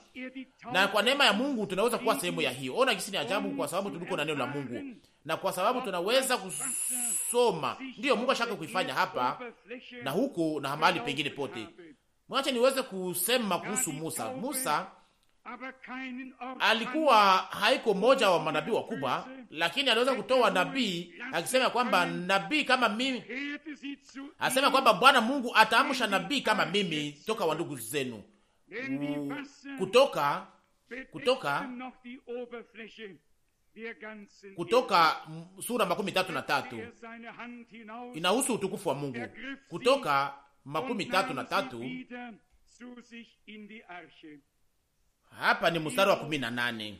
na kwa neema ya Mungu tunaweza kuwa sehemu ya hiyo. Ona kisi ni ajabu, kwa sababu tuliko na neno la Mungu na kwa sababu tunaweza kusoma, ndiyo Mungu ashaka kuifanya hapa na huko na mahali pengine pote. Mwache niweze kusema kuhusu Musa. Musa alikuwa haiko mmoja wa manabii wakubwa, lakini aliweza kutoa nabii akisema kwamba nabii kama mimi, asema kwamba Bwana Mungu ataamsha nabii kama mimi toka wa ndugu zenu kutoka kutoka kutoka sura makumi tatu na tatu inahusu utukufu wa Mungu. Kutoka makumi tatu na tatu hapa ni mstari wa kumi na nane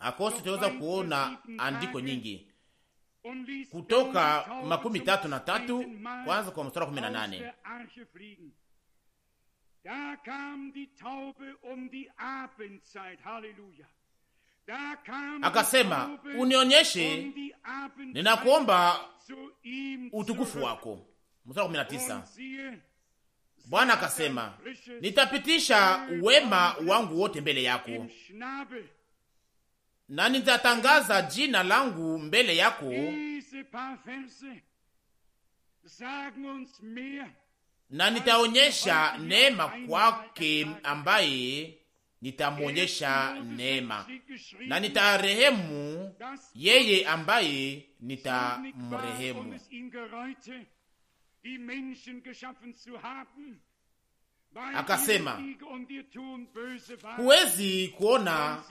akosi tunaweza kuona andiko nyingi kutoka makumi tatu na tatu kwanza kwa mstari wa kumi na nane akasema, unionyeshe, ninakuomba utukufu wako. Mstari wa kumi na tisa Bwana akasema, nitapitisha wema wangu wote mbele yako na nitatangaza jina langu mbele yako. Na nitaonyesha neema kwake ambaye nitamwonyesha neema, na nitarehemu yeye ambaye nitamrehemu. Akasema, huwezi kuona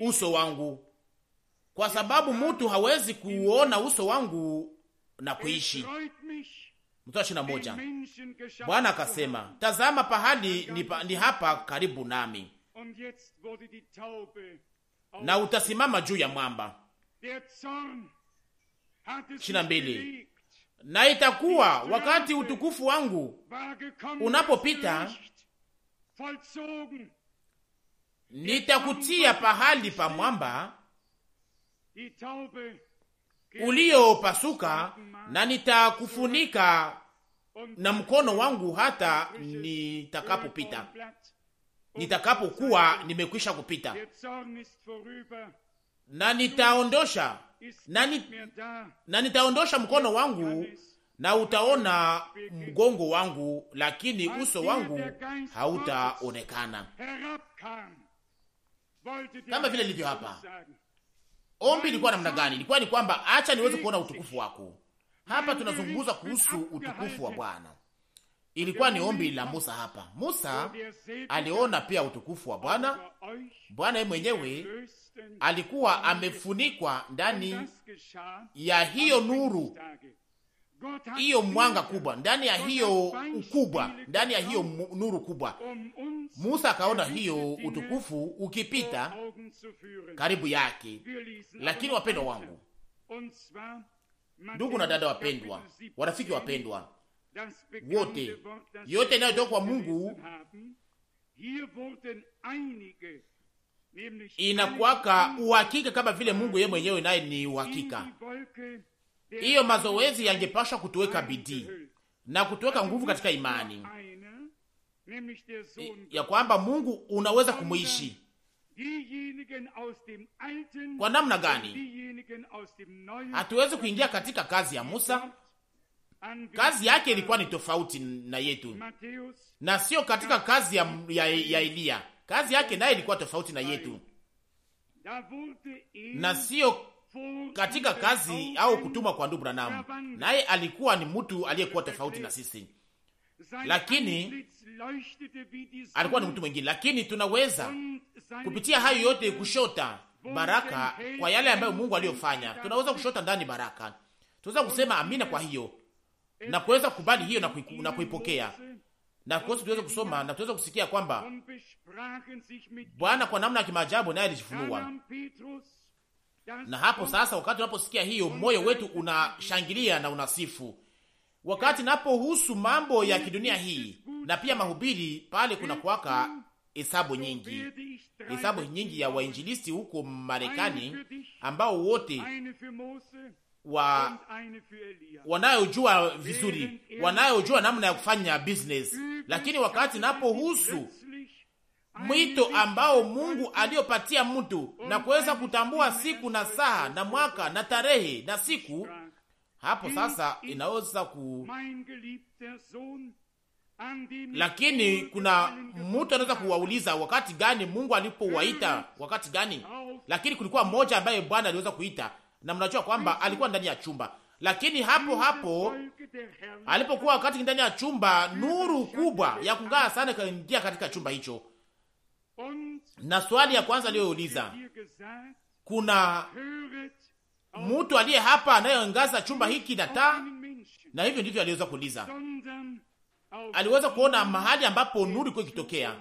uso wangu, kwa sababu mutu hawezi kuona uso wangu na kuishi. Bwana akasema, tazama pahali ni, pa, ni hapa karibu nami, na utasimama juu ya mwamba na itakuwa wakati utukufu wangu unapopita, nitakutia pahali pa mwamba uliopasuka na nitakufunika na mkono wangu hata nitakapopita, nitakapokuwa nimekwisha kupita, na nitaondosha nani, na nitaondosha mkono wangu na utaona mgongo wangu, lakini uso wangu hautaonekana. Kama vile ilivyo hapa, ombi ilikuwa namna gani? Ilikuwa ni kwamba acha niweze kuona utukufu wako. Hapa tunazungumza kuhusu utukufu wa Bwana. Ilikuwa ni ombi la Musa hapa. Musa aliona pia utukufu wa Bwana. Bwana yeye mwenyewe alikuwa amefunikwa ndani ya hiyo nuru, hiyo mwanga kubwa, ndani ya hiyo ukubwa, ndani ya hiyo nuru kubwa. Musa akaona hiyo utukufu ukipita karibu yake. Lakini wapendwa wangu, ndugu na dada wapendwa, warafiki wapendwa wote, yote inayotoka kwa Mungu inakwaka uhakika kama vile Mungu yeye mwenyewe naye ni uhakika. Hiyo mazoezi yangepashwa kutuweka bidii na kutuweka nguvu katika imani ya kwamba Mungu unaweza kumwishi kwa namna gani? Hatuwezi kuingia katika kazi ya Musa, kazi yake ilikuwa ni tofauti na yetu, na sio katika kazi ya, ya, ya Eliya. Kazi yake naye ilikuwa tofauti na yetu, e. na sio katika kazi au kutumwa kwa ndugu Branham, naye alikuwa ni mtu aliyekuwa tofauti na sisi, lakini e. alikuwa ni mtu mwingine. Lakini tunaweza kupitia hayo yote kushota baraka kwa yale ambayo Mungu aliyofanya, tunaweza kushota ndani baraka. Tunaweza kusema amina kwa hiyo na kuweza kukubali hiyo na kuipokea na kuweza tuweze kusoma na tuweze kusikia kwamba Bwana kwa namna ya kimaajabu naye alijifunua. Na hapo sasa, wakati unaposikia hiyo, moyo wetu unashangilia na unasifu. Wakati napohusu mambo ya kidunia hii na pia mahubiri pale, kuna kuwaka hesabu nyingi, hesabu nyingi ya wainjilisti huko Marekani ambao wote wa wanayojua vizuri, wanayojua namna ya kufanya business, lakini wakati napohusu mwito ambao Mungu aliyopatia mtu na kuweza kutambua siku na saa na mwaka na tarehe na siku, hapo sasa inaweza ku lakini kuna mtu anaweza kuwauliza wakati gani Mungu alipowaita, wakati gani? Lakini kulikuwa mmoja ambaye Bwana aliweza kuita na mnajua kwamba alikuwa ndani ya chumba, lakini hapo hapo alipokuwa wakati ndani ya chumba, nuru kubwa ya kung'aa sana ikaingia katika chumba hicho. Na swali ya kwanza aliyouliza, kuna mtu aliye hapa anayeangaza chumba hiki na taa? Na hivyo ndivyo aliweza kuuliza. Aliweza kuona mahali ambapo nuru ilikuwa ikitokea,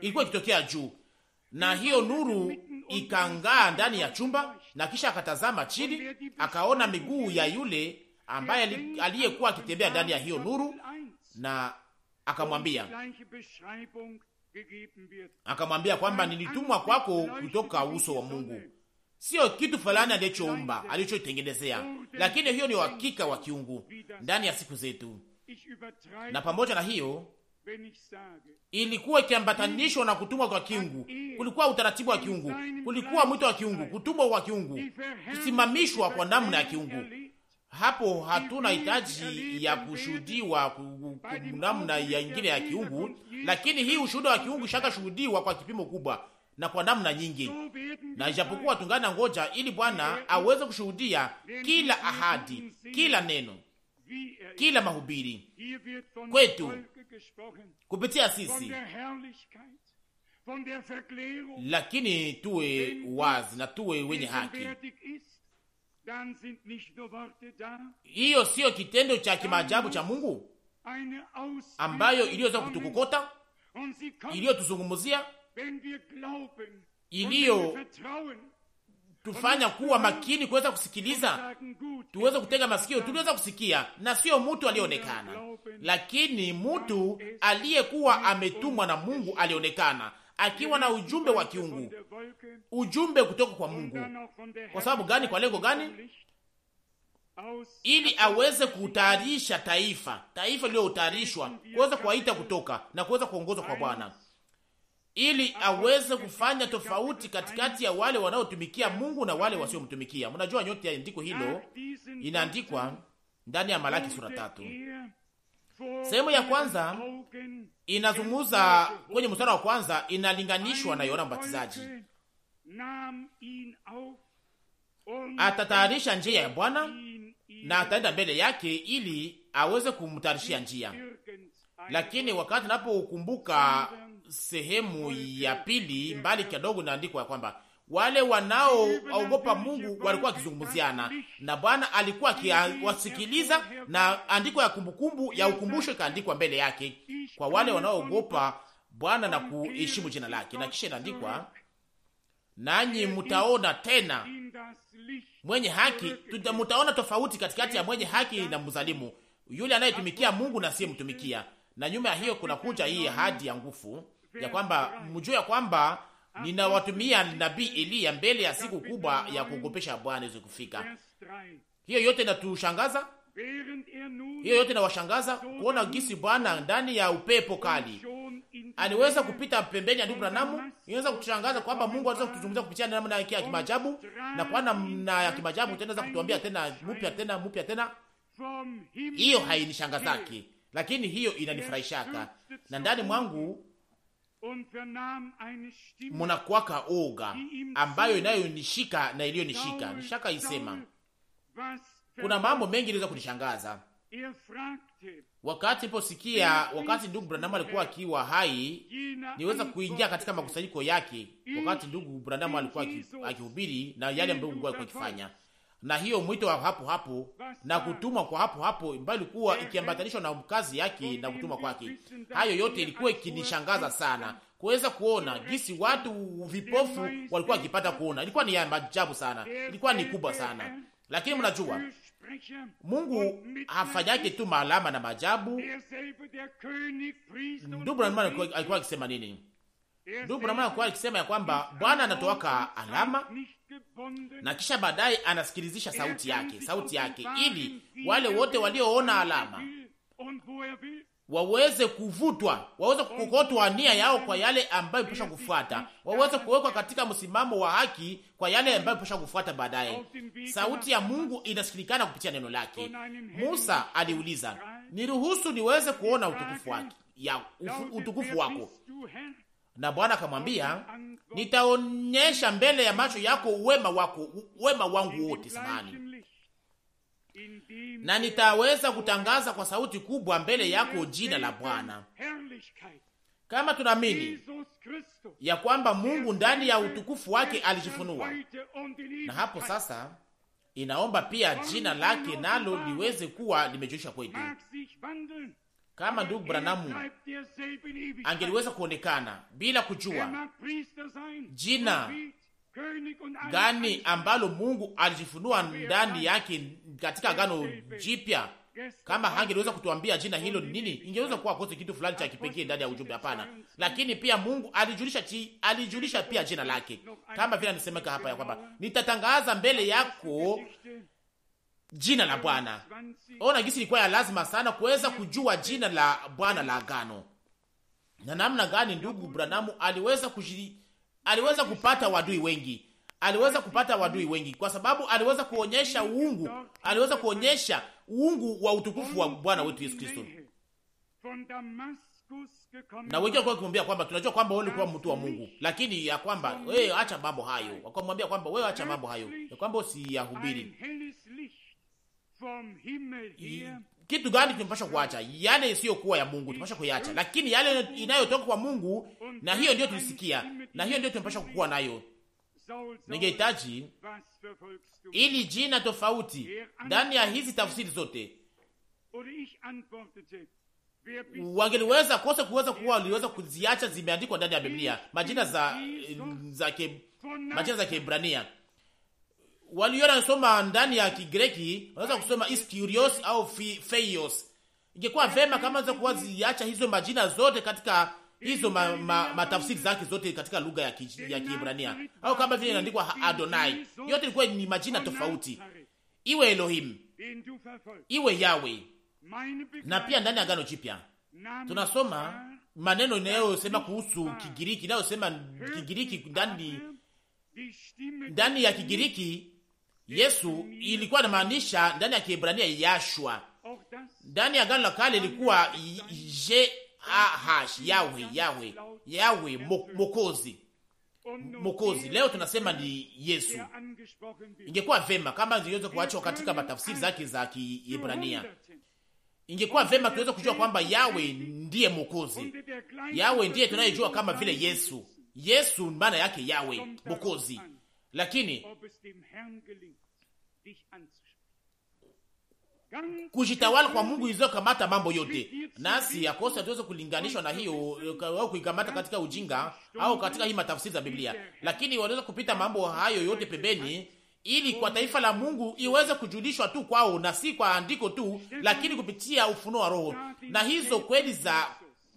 ilikuwa ikitokea juu, na hiyo nuru ikangaa ndani ya chumba, na kisha akatazama chini, akaona miguu ya yule ambaye aliyekuwa akitembea ndani ya hiyo nuru, na akamwambia akamwambia kwamba nilitumwa kwako kutoka uso wa Mungu. Sio kitu fulani alichoumba alichoitengenezea, lakini hiyo ni uhakika wa kiungu ndani ya siku zetu. Na pamoja na hiyo ilikuwa ikiambatanishwa na kutumwa kwa kiungu. Kulikuwa utaratibu wa kiungu, kulikuwa mwito wa kiungu, kutumwa kwa kiungu, kusimamishwa kwa namna ya kiungu. Hapo hatuna hitaji ya kushuhudiwa namna ya ingine ya kiungu, lakini hii ushuhuda wa kiungu shaka shuhudiwa kwa kipimo kubwa na kwa namna nyingi, na ijapokuwa tungana ngoja ili Bwana aweze kushuhudia kila ahadi, kila neno, kila mahubiri kwetu kupitia sisi, lakini tuwe wazi na tuwe wenye haki. Hiyo siyo kitendo cha kimaajabu cha Mungu ambayo iliyoweza kutukokota, iliyotuzungumzia iliyo tufanya kuwa makini kuweza kusikiliza, tuweze kutega masikio, tuliweza kusikia na sio mtu aliyeonekana, lakini mtu aliyekuwa ametumwa na Mungu alionekana akiwa na ujumbe wa kiungu, ujumbe kutoka kwa Mungu. Kwa sababu gani? Kwa lengo gani? Ili aweze kutayarisha taifa, taifa lililotayarishwa kuweza kuwaita kutoka na kuweza kuongozwa kwa Bwana ili aweze kufanya tofauti katikati ya wale wanaotumikia Mungu na wale wasiomtumikia. Mnajua nyote ya andiko hilo inaandikwa ndani ya Malaki sura tatu. Sehemu ya kwanza inazungumza kwenye mstari wa kwanza inalinganishwa na Yohana Mbatizaji. Atatayarisha njia ya Bwana na ataenda mbele yake ili aweze kumtayarishia njia. Lakini wakati napokumbuka sehemu ya pili mbali kidogo inaandikwa ya kwamba wale wanaoogopa Mungu walikuwa wakizungumziana na Bwana alikuwa akiwasikiliza, na andiko ya kumbukumbu ya ukumbusho ikaandikwa mbele yake kwa wale wanaoogopa Bwana na kuheshimu jina lake. Na kisha inaandikwa nanyi mtaona tena mwenye haki, mtaona tofauti katikati ya mwenye haki na mzalimu, yule anayetumikia Mungu na siye mtumikia. Na nyuma ya hiyo kuna kuja hii ahadi ya nguvu ya kwamba mjue ya kwamba ninawatumia nabii Eliya mbele ya siku kubwa ya kuogopesha Bwana iweze kufika. Hiyo yote inatushangaza, hiyo yote inawashangaza kuona gisi Bwana ndani ya upepo kali aliweza kupita pembeni ya ndugu Branamu. Inaweza kutushangaza kwamba Mungu anaweza kutuzungumzia kupitia namna yake ya kimaajabu, na kwa namna ya kimaajabu tena za kutuambia tena mpya tena mpya tena. Hiyo hainishangaza, lakini hiyo inanifurahishaka na ndani mwangu munakwaka oga ambayo inayonishika na iliyonishika nishaka isema, kuna mambo mengi iliweza kunishangaza er wakati posikia wakati ndugu Branham alikuwa akiwa hai, niweza kuingia katika makusanyiko yake, wakati ndugu Branham alikuwa akihubiri na yale ambayo Mungu alikuwa akifanya na hiyo mwito wa hapo hapo na kutumwa kwa hapo hapo ambayo ilikuwa ikiambatanishwa na mkazi yake na kutumwa kwake. Hayo yote ilikuwa ikinishangaza sana kuweza kuona jinsi watu vipofu walikuwa wakipata kuona. Ilikuwa ni ya maajabu sana, ilikuwa ni kubwa sana. Lakini mnajua Mungu hafanyake tu maalama na maajabu. Ndugu alikuwa akisema nini? Ndugu Branham alikuwa akisema ya kwamba Bwana anatoaka alama na kisha baadaye anasikilizisha sauti er yake, sauti yake, ili wale er wote walioona er alama waweze kuvutwa, waweze kukokotwa nia yao kwa yale ambayo posha kufuata, waweze kuwekwa katika msimamo wa haki kwa yale ambayo posha kufuata baadaye. Sauti ya Mungu inasikilikana kupitia neno lake. Musa aliuliza, niruhusu niweze kuona utukufu wake ya utukufu wako na Bwana akamwambia, nitaonyesha mbele ya macho yako uwema wako, uwema wangu wote, samani, na nitaweza kutangaza kwa sauti kubwa mbele yako jina la Bwana. Kama tunaamini ya kwamba Mungu ndani ya utukufu wake alijifunua, na hapo sasa inaomba pia jina lake nalo liweze kuwa limejoshwa kwetu. Kama ndugu Branamu angeliweza kuonekana bila kujua jina gani ambalo Mungu alijifunua ndani yake katika gano Jipya, kama hangeliweza kutuambia jina hilo ni nini, ingeweza kuwa kose kitu fulani cha kipekee ndani ya ujumbe. Hapana, lakini pia Mungu alijulisha chi, alijulisha pia jina lake, kama vile anasemeka hapa ya kwamba nitatangaza mbele yako jina la Bwana. Ona gisi ilikuwa ya lazima sana kuweza kujua jina la Bwana la agano, na namna gani ndugu Branamu aliweza kujiri, aliweza kupata wadui wengi, aliweza kupata wadui wengi kwa sababu aliweza kuonyesha uungu, aliweza kuonyesha uungu wa utukufu wa Bwana wetu Yesu Kristo. Na wengi walikuwa wakimwambia kwamba tunajua kwamba wewe ulikuwa mtu wa Mungu, lakini ya kwamba wewe acha mambo hayo, wakamwambia kwamba wewe acha mambo hayo, ya kwamba usiyahubiri kitu gani tunapasha kuacha? Yale isiyokuwa ya Mungu tunapasha kuiacha, lakini yale inayotoka kwa Mungu, na hiyo ndio tulisikia, na hiyo ndio tunapasha kukuwa nayo. Ningehitaji ili jina tofauti ndani ya hizi tafsiri zote, wangeliweza kose kuweza kuwa waliweza kuziacha, zimeandikwa ndani ya Biblia majina za eh, za ke, majina za Kiebrania waliona nasoma ndani ya Kigreki wanaweza kusoma iskurios au feios. Ingekuwa vema kama waweza kuwaziacha hizo majina zote katika hizo ma, ma, matafsiri zake zote katika lugha ya, ki, ya Kiebrania au kama vile inaandikwa Adonai, yote ilikuwa ni majina tofauti, iwe Elohim, iwe Yawe. Na pia ndani ya Agano Jipya tunasoma maneno inayosema kuhusu Kigiriki, inayosema Kigiriki ndani ndani ya Kigiriki Yesu ilikuwa inamaanisha ndani ya Kiebrania Yashua, ndani ya Agano la Kale ilikuwa je ah Yawe, Yawe Yahwe Mokozi Mokozi. Leo tunasema ni Yesu. Ingekuwa vema kama ziweze kuachwa katika matafsiri zake za Kiebrania. Ingekuwa vema tuweze kujua kwamba Yawe ndiye Mokozi, Yawe ndiye tunayejua kama vile Yesu. Yesu maana yake Yawe Mokozi, lakini kujitawala kwa Mungu izo kamata mambo yote, nasi akose hatuweze kulinganishwa na hiyo au kuikamata katika ujinga au katika hii matafsiri za Biblia, lakini wanaweza kupita mambo hayo yote pembeni, ili kwa taifa la Mungu iweze kujulishwa tu kwao na si kwa andiko tu, lakini kupitia ufunuo wa Roho na hizo kweli za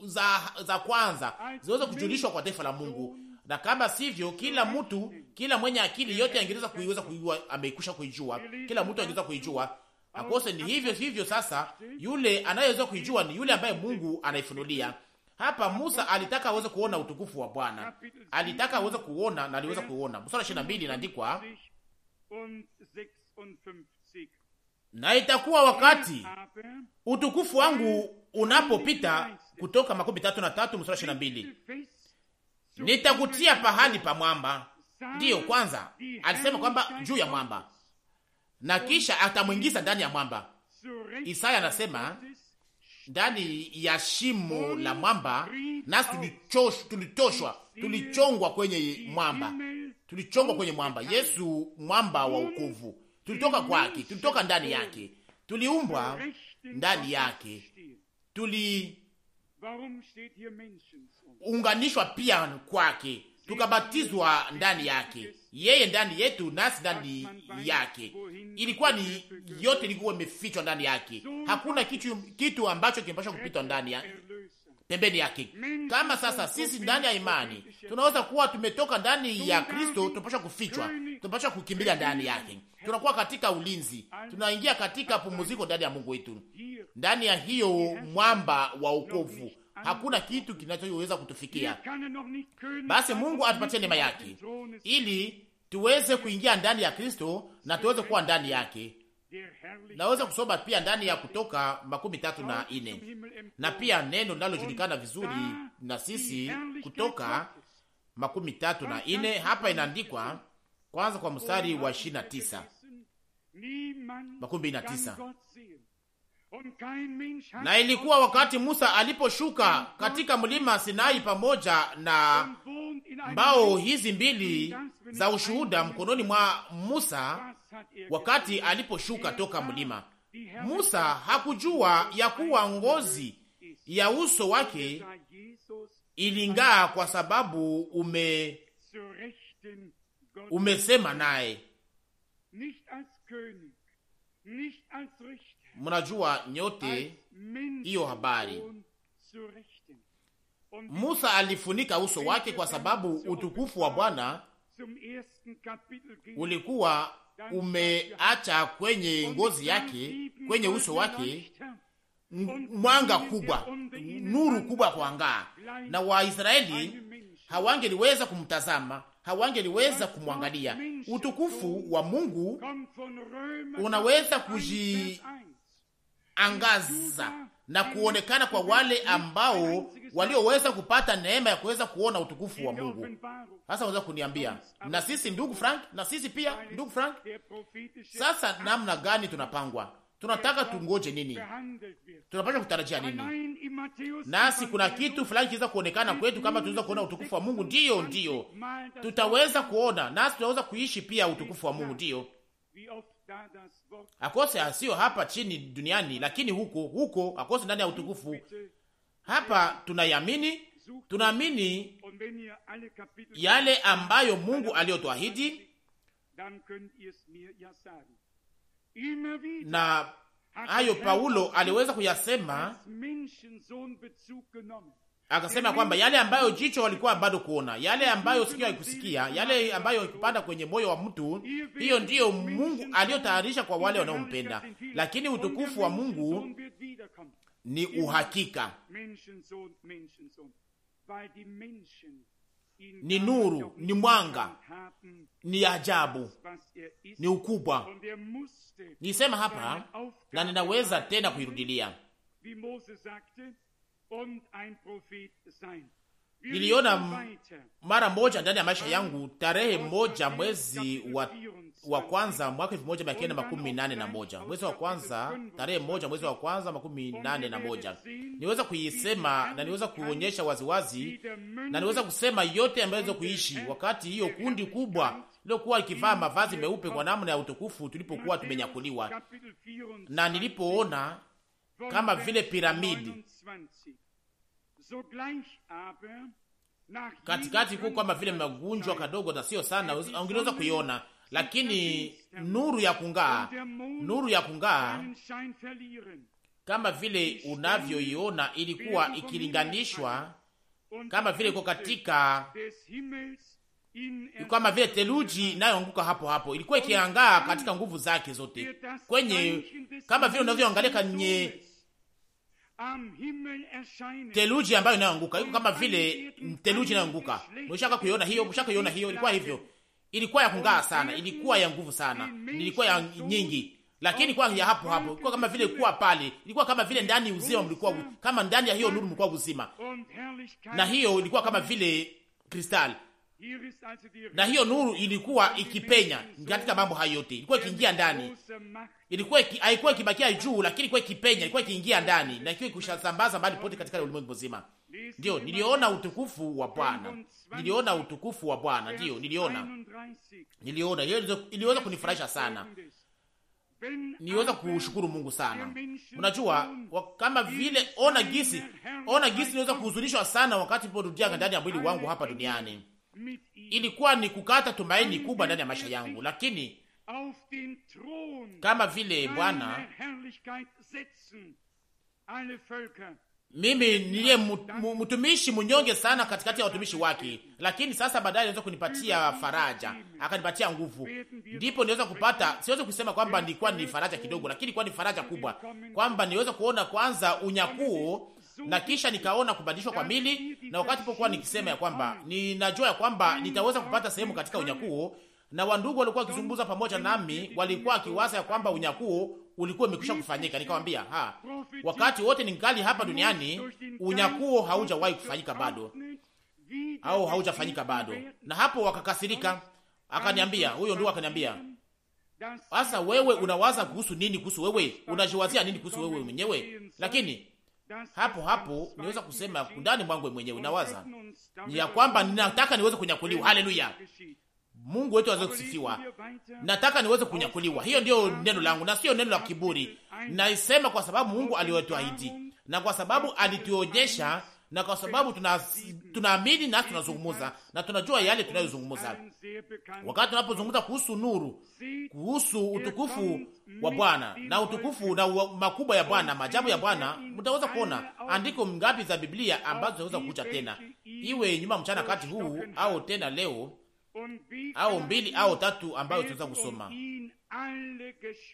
za za kwanza ziweze kujulishwa kwa taifa la Mungu, na kama sivyo, kila mtu kila mwenye akili yote angeweza kuiweza kuijua, ameikwisha kuijua. Kila mtu angeweza kuijua. Akose ni hivyo hivyo. Sasa yule anayeweza kuijua ni yule ambaye Mungu anaifunulia. Hapa Musa alitaka aweze kuona utukufu wa Bwana, alitaka aweze kuona na aliweza kuona. Mstari 22 inaandikwa, na itakuwa wakati utukufu wangu unapopita, kutoka makumi tatu na tatu mstari 22, nitakutia pahali pa mwamba ndiyo kwanza alisema kwamba juu ya mwamba na kisha atamwingiza ndani ya mwamba. Isaya anasema ndani ya shimo la mwamba, nasi tulichoshwa, tulichongwa kwenye mwamba, tulichongwa kwenye mwamba. Yesu mwamba wa ukovu, tulitoka kwake, tulitoka ndani yake, tuliumbwa ndani yake, tuliunganishwa pia kwake tukabatizwa ndani yake, yeye ndani yetu, nasi ndani yake. Ilikuwa ni yote, ilikuwa imefichwa ndani yake, hakuna kitu, kitu ambacho kimepasha kupitwa ndani ya pembeni yake. Kama sasa sisi ndani ya imani tunaweza kuwa tumetoka ndani ya Kristo, tunapasha kufichwa, tunapasha kukimbilia ndani yake, tunakuwa katika ulinzi, tunaingia katika pumuziko ndani ya Mungu wetu, ndani ya hiyo mwamba wa ukovu hakuna kitu kinachoweza kutufikia. Basi Mungu atupatie neema yake ili tuweze kuingia ndani ya Kristo na tuweze kuwa ndani yake. Naweza kusoma pia ndani ya Kutoka makumi tatu na ine na pia neno linalojulikana vizuri na sisi, Kutoka makumi tatu na ine hapa inaandikwa kwanza kwa mstari wa ishirini na tisa makumi na tisa na ilikuwa wakati Musa aliposhuka katika mlima Sinai pamoja na mbao hizi mbili za ushuhuda mkononi mwa Musa. Wakati aliposhuka toka mlima, Musa hakujua ya kuwa ngozi ya uso wake ilingaa kwa sababu ume umesema naye Mnajua nyote hiyo habari. Musa alifunika uso wake kwa sababu utukufu wa Bwana ulikuwa umeacha er, kwenye ngozi yake, kwenye uso wake mwanga er kubwa, nuru kubwa kuangaa, na Waisraeli hawangeliweza kumtazama, hawangeliweza kumwangalia. Utukufu wa Mungu unaweza kuji angaza na kuonekana kwa wale ambao walioweza kupata neema ya kuweza kuona utukufu wa Mungu. Sasa unaweza kuniambia na sisi ndugu Frank, na sisi pia ndugu Frank, sasa namna gani tunapangwa? Tunataka tungoje nini? Tunapaswa kutarajia nini? Nasi kuna kitu fulani kiweza kuonekana kwetu, kama tunaweza kuona utukufu wa Mungu, ndiyo, ndiyo, tutaweza kuona nasi tunaweza kuishi pia utukufu wa Mungu, ndiyo akose asiyo hapa chini duniani, lakini huko huko akose ndani ya utukufu. Hapa tunayamini, tunaamini yale ambayo Mungu aliyotuahidi na hayo Paulo aliweza kuyasema akasema kwamba yale ambayo jicho walikuwa bado kuona, yale ambayo sikio haikusikia, yale ambayo ikupanda kwenye moyo wa mtu, hiyo ndiyo Mungu aliyotayarisha kwa wale wanaompenda. Lakini utukufu wa Mungu ni uhakika, ni nuru, ni mwanga, ni ajabu, ni ukubwa. Nisema hapa na ninaweza tena kuirudilia Niliona mara moja ndani ya maisha yangu tarehe moja mwezi wa, wa kwanza mwaka elfu moja mia kenda makumi nane na moja mwezi wa kwanza tarehe moja mwezi wa kwanza makumi nane na moja niweza kuisema na niweza kuonyesha waziwazi na niweza kusema yote ambayo kuishi wakati hiyo kundi kubwa lilokuwa ikivaa mavazi meupe kwa namna ya utukufu tulipokuwa tumenyakuliwa na nilipoona kama vile piramidi katikati kuu kwamba vile magunjwa kadogo na sio sana, ungeweza kuiona, lakini nuru ya kung'aa, nuru ya kung'aa kama vile unavyoiona ilikuwa ikilinganishwa kama vile iko katika kama vile theluji inayoanguka hapo hapo, ilikuwa ikiangaa katika nguvu zake zote, kwenye kama vile unavyoangalia kwenye theluji ambayo inayoanguka kama vile theluji inayoanguka. Mshaka kuiona hiyo, mshaka kuiona hiyo. Ilikuwa hivyo, ilikuwa ya kung'aa sana, ilikuwa ya nguvu sana, ilikuwa ya nyingi, lakini kwa ya hapo hapo. Ilikuwa kama vile kuwa pale, ilikuwa kama vile ndani uzima, mlikuwa kama ndani ya hiyo nuru, mlikuwa uzima, na hiyo ilikuwa kama vile kristali na hiyo nuru ilikuwa ikipenya katika mambo hayo yote, ilikuwa ikiingia ndani, ilikuwa haikuwa ikibakia juu, lakini ilikuwa ikipenya, ilikuwa ikiingia ndani na ikiwa ikushasambaza mbali pote katika ulimwengu mzima. Ndio niliona utukufu wa Bwana, niliona utukufu wa Bwana, ndio niliona, niliona. Hiyo iliweza kunifurahisha sana, niweza kushukuru Mungu sana. Unajua kama vile, ona gisi, ona gisi, niweza kuhuzunishwa sana wakati niliporudia ndani ya mwili wangu hapa duniani ilikuwa ni kukata tumaini kubwa ndani ya maisha yangu, lakini kama vile Bwana mimi niliye mtumishi mnyonge sana katikati ya watumishi wake, lakini sasa baadaye aliweza kunipatia faraja, akanipatia nguvu, ndipo niweza kupata. Siwezi kusema kwamba nilikuwa ni faraja kidogo, lakini kwa ni faraja kubwa, kwamba niweza kuona kwanza unyakuo na kisha nikaona kubadilishwa kwa mili. Na wakati pokuwa nikisema ya kwamba ninajua ya kwamba nitaweza kupata sehemu katika unyakuo, na wandugu walikuwa wakizungumza pamoja nami, walikuwa wakiwaza ya kwamba unyakuo ulikuwa umekwisha kufanyika. Nikamwambia ha, wakati wote ningali hapa duniani unyakuo haujawahi kufanyika bado, au haujafanyika bado. Na hapo wakakasirika, akaniambia huyo ndugu akaniambia sasa wewe unawaza kuhusu nini? Kuhusu wewe unajiwazia nini? Kuhusu wewe mwenyewe. Lakini hapo hapo niweza kusema ndani mwangu mwenyewe nawaza ya kwamba ninataka niweze kunyakuliwa. Haleluya, Mungu wetu aweze kusifiwa. Nataka niweze kunyakuliwa, hiyo ndiyo neno langu na sio neno la kiburi. Naisema kwa sababu Mungu aliwetuahidi na kwa sababu alituonyesha na kwa sababu tunaamini nasi tunazungumuza na tunajua yale tunayozungumuza. Wakati tunapozungumza kuhusu nuru, kuhusu utukufu wa Bwana na utukufu na makubwa ya Bwana, maajabu ya Bwana, mtaweza kuona andiko ngapi za Biblia ambazo zinaweza kukucha tena, iwe nyuma mchana kati huu au tena leo au mbili au tatu, ambayo tunaweza kusoma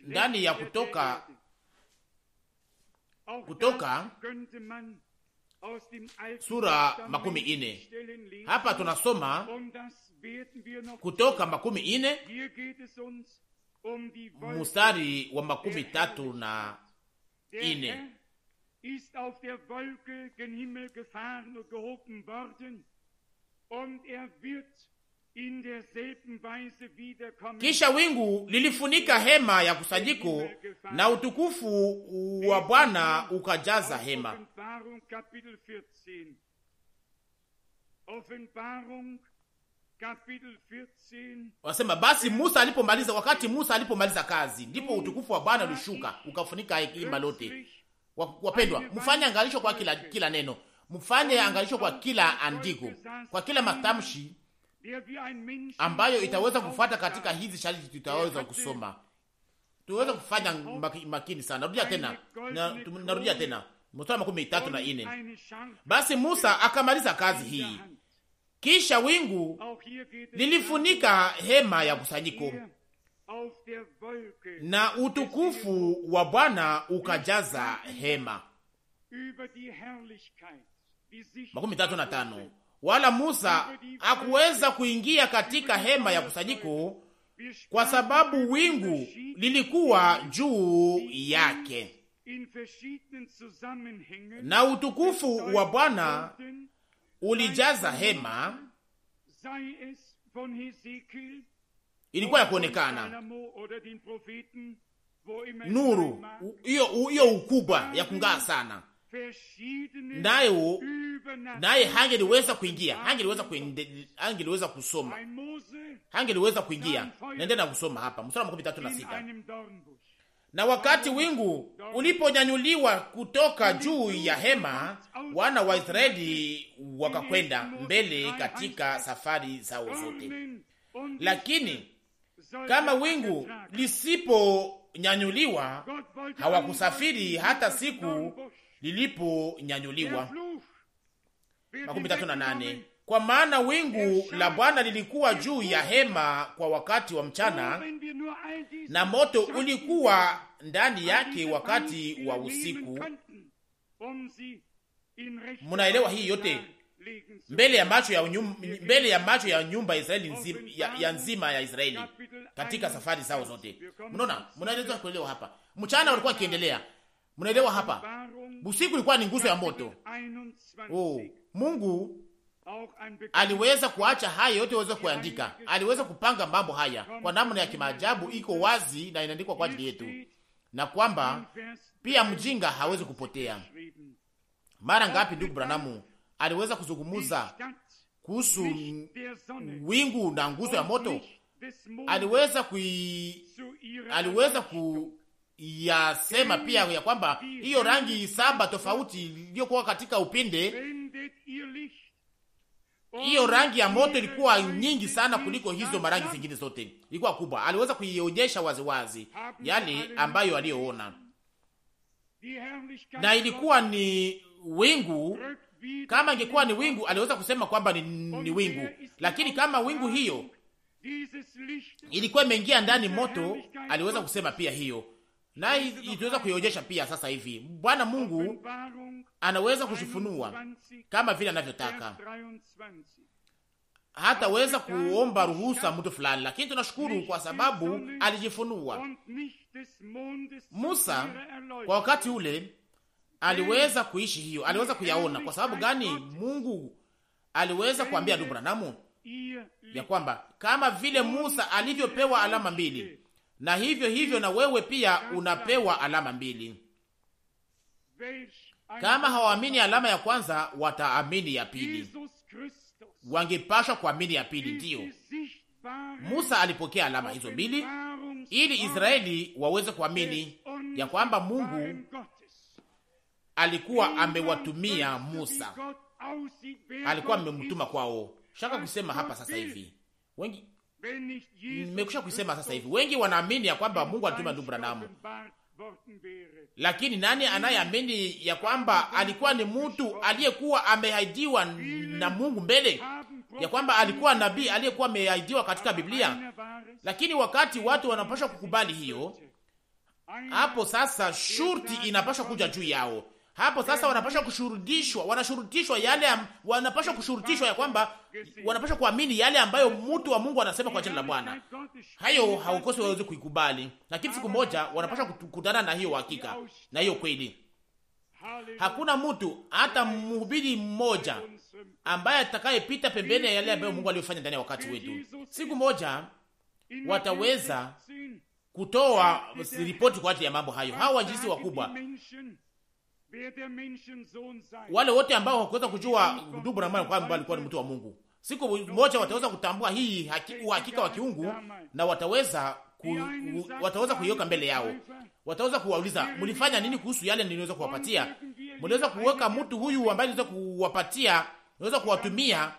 ndani ya Kutoka kutoka sura makumi ine. Hapa tunasoma um kutoka makumi ine mustari um wa makumi tatu na ine kisha wingu lilifunika er hema ya kusanyiko na utukufu er wa Bwana ukajaza hema. Offenbarung Kapitel 14. Offenbarung Kapitel 14. Wasema basi Musa alipomaliza, wakati Musa alipomaliza kazi, ndipo utukufu wa Bwana ulishuka ukafunika hema lote. Wapendwa, mfanye angalisho kwa kila kila neno, mfanye angalisho kwa kila andiko, kwa kila matamshi ambayo itaweza kufuata katika hizi sharti tutaweza kusoma. Tuweza kufanya makini sana. Narudia tena, narudia tena mstari makumi tatu na ine. Basi Musa akamaliza kazi hii, kisha wingu lilifunika hema ya kusanyiko na utukufu wa Bwana ukajaza hema. makumi tatu na tano. Wala Musa hakuweza kuingia katika hema ya kusanyiko kwa sababu wingu lilikuwa juu yake na utukufu wa Bwana ulijaza hema, ilikuwa ya kuonekana nuru hiyo ukubwa ya kung'aa sana, naye naye hangeliweza kuingia, hangeliweza hangeliweza kusoma, hangeliweza kuingia. Naendelea na kusoma hapa mstari wa makumi tatu na sita na wakati wingu uliponyanyuliwa kutoka juu ya hema, wana wa Israeli wakakwenda mbele katika safari zao zote. Lakini kama wingu lisiponyanyuliwa, hawakusafiri hata siku liliponyanyuliwa. Makumi tatu na nane kwa maana wingu la Bwana lilikuwa juu ya hema kwa wakati wa mchana, na moto ulikuwa ndani yake wakati wa usiku. Munaelewa hii yote mbele ya macho ya, unyum, mbele ya macho ya nyumba ya Israeli nzima, ya, ya nzima ya Israeli katika safari zao zote. Mnaona, mnaelewa kuelewa hapa. Mchana ulikuwa kiendelea, mnaelewa hapa. Usiku ulikuwa ni nguzo ya moto. Oh, Mungu aliweza kuacha haya yote aweze kuandika, aliweza kupanga mambo haya kwa namna ya kimaajabu, iko wazi na inaandikwa kwa ajili yetu, na kwamba pia mjinga hawezi kupotea. Mara ngapi ndugu Branamu aliweza kuzungumuza kuhusu wingu na nguzo ya moto? Aliweza ku aliweza ku yasema pia ya kwamba hiyo rangi saba tofauti iliyokuwa katika upinde hiyo mm. rangi ya moto ilikuwa nyingi sana kuliko hizo marangi zingine zote, ilikuwa kubwa. Aliweza kuionyesha waziwazi yale ambayo aliyoona, na ilikuwa ni wingu. Kama ingekuwa ni wingu, aliweza kusema kwamba ni, ni wingu, lakini kama wingu hiyo ilikuwa imeingia ndani moto, aliweza kusema pia hiyo na itaweza kuyojesha pia. Sasa hivi Bwana Mungu anaweza kushifunua kama vile anavyotaka, hataweza kuomba ruhusa mtu fulani, lakini tunashukuru kwa sababu alijifunua. Musa kwa wakati ule aliweza kuishi hiyo, aliweza kuyaona. Kwa sababu gani? Mungu aliweza kuambia ndugu Branamu ya kwamba kama vile Musa alivyopewa alama mbili na hivyo hivyo na wewe pia unapewa alama mbili. Kama hawaamini alama ya kwanza, wataamini ya pili, wangepashwa kuamini ya pili. Ndiyo, Musa alipokea alama hizo mbili ili Israeli waweze kuamini ya kwamba Mungu alikuwa amewatumia Musa, alikuwa amemtuma kwao. Shaka kusema hapa sasa hivi wengi Nimekusha kusema sasa hivi, wengi wanaamini ya kwamba Mungu alituma ndugu Branamu, lakini nani anayeamini ya kwamba alikuwa ni mtu aliyekuwa ameahidiwa na Mungu mbele ya kwamba alikuwa nabii aliyekuwa ameahidiwa katika Biblia? Lakini wakati watu wanapashwa kukubali hiyo, hapo sasa shurti inapashwa kuja juu yao hapo sasa wanapaswa kushurutishwa, wanashurutishwa yale am, wanapaswa kushurutishwa ya kwamba wanapaswa kuamini yale ambayo mtu wa Mungu anasema kwa jina la Bwana. Hayo haukosi waweze kuikubali, lakini siku moja wanapaswa kukutana na hiyo hakika na hiyo kweli. Hakuna mtu hata mhubiri mmoja ambaye atakayepita pembeni ya yale ambayo Mungu aliyofanya ndani ya wakati wetu. Siku moja wataweza kutoa ripoti kwa ajili ya mambo hayo. Hawa wainjilisti wakubwa wale wote ambao hawakuweza kujua ndugu Branham mbali kwa ni mtu wa Mungu, siku moja wataweza kutambua hii haki, uhakika wa kiungu na wataweza ku, wataweza kuiweka mbele yao. Wataweza kuwauliza mlifanya nini kuhusu yale niliweza kuwapatia? Mliweza kuweka mtu huyu ambaye niliweza kuwapatia, niliweza kuwatumia,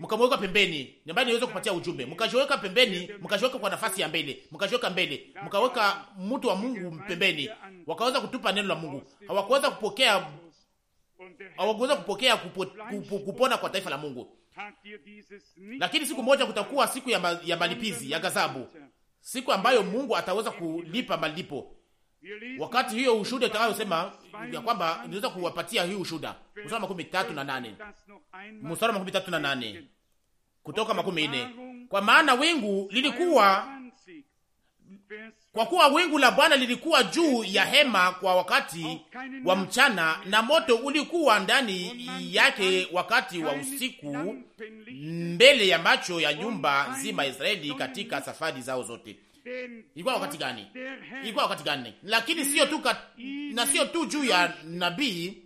mkamweka pembeni, ambaye niliweza kupatia ujumbe, mkajiweka pembeni, mkajiweka kwa nafasi ya mbele, mkajiweka mbele, mkaweka mtu wa Mungu pembeni, wakaweza kutupa neno la Mungu, hawakuweza kupokea, hawakuweza kupokea kupo, kupo, kupona kwa taifa la Mungu. Lakini siku moja kutakuwa siku ya, ma, ya malipizi ya ghadhabu, siku ambayo Mungu ataweza kulipa malipo. Wakati hiyo ushuhuda utakayosema ya kwamba niweza kuwapatia hiyo ushuhuda, mstari makumi tatu na nane mstari makumi tatu na nane kutoka makumi nne kwa maana wingu lilikuwa kwa kuwa wingu la Bwana lilikuwa juu ya hema kwa wakati wa mchana, na moto ulikuwa ndani yake wakati wa usiku, mbele ya macho ya nyumba zima ya Israeli katika safari zao zote. Ilikuwa wakati gani? Ilikuwa wakati gani? Lakini sio tu kat... na sio tu juu ya nabii,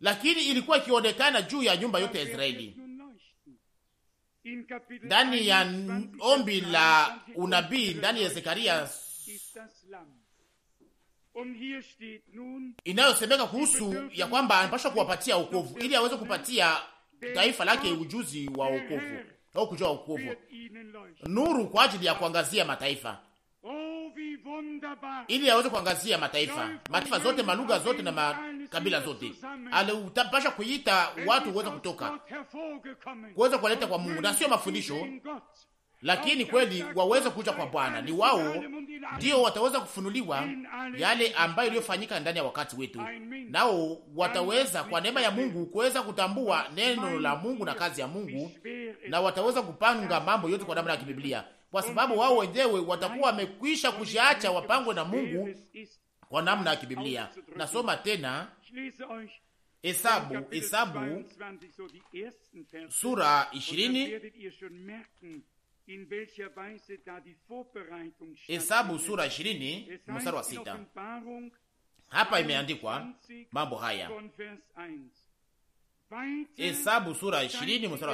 lakini ilikuwa ikionekana juu ya nyumba yote ya Israeli ndani ya ombi la unabii ndani ya Zekaria inayosemeka kuhusu ya kwamba anapasha kuwapatia wokovu ili aweze kupatia taifa lake ujuzi wa wokovu au kujua wokovu, nuru kwa ajili ya kuangazia mataifa ili aweze kuangazia mataifa, mataifa zote, malugha zote na makabila zote. Aliutapasha kuita watu kuweza kutoka, kuweza kuwaleta kwa Mungu na sio mafundisho, lakini kweli waweze kuja kwa Bwana. Ni wao ndio wataweza kufunuliwa yale ambayo iliyofanyika ndani ya wakati wetu, nao wataweza kwa neema ya Mungu kuweza kutambua neno la Mungu na kazi ya Mungu, na wataweza kupanga mambo yote kwa namna ya kibiblia kwa sababu wao wenyewe watakuwa wamekwisha kujiacha wapangwe na Mungu kwa namna ya kibiblia. Nasoma tena Hesabu, Hesabu sura ishirini Hesabu sura ishirini mstari wa sita. Hapa imeandikwa mambo haya. Hesabu sura ishirini mstari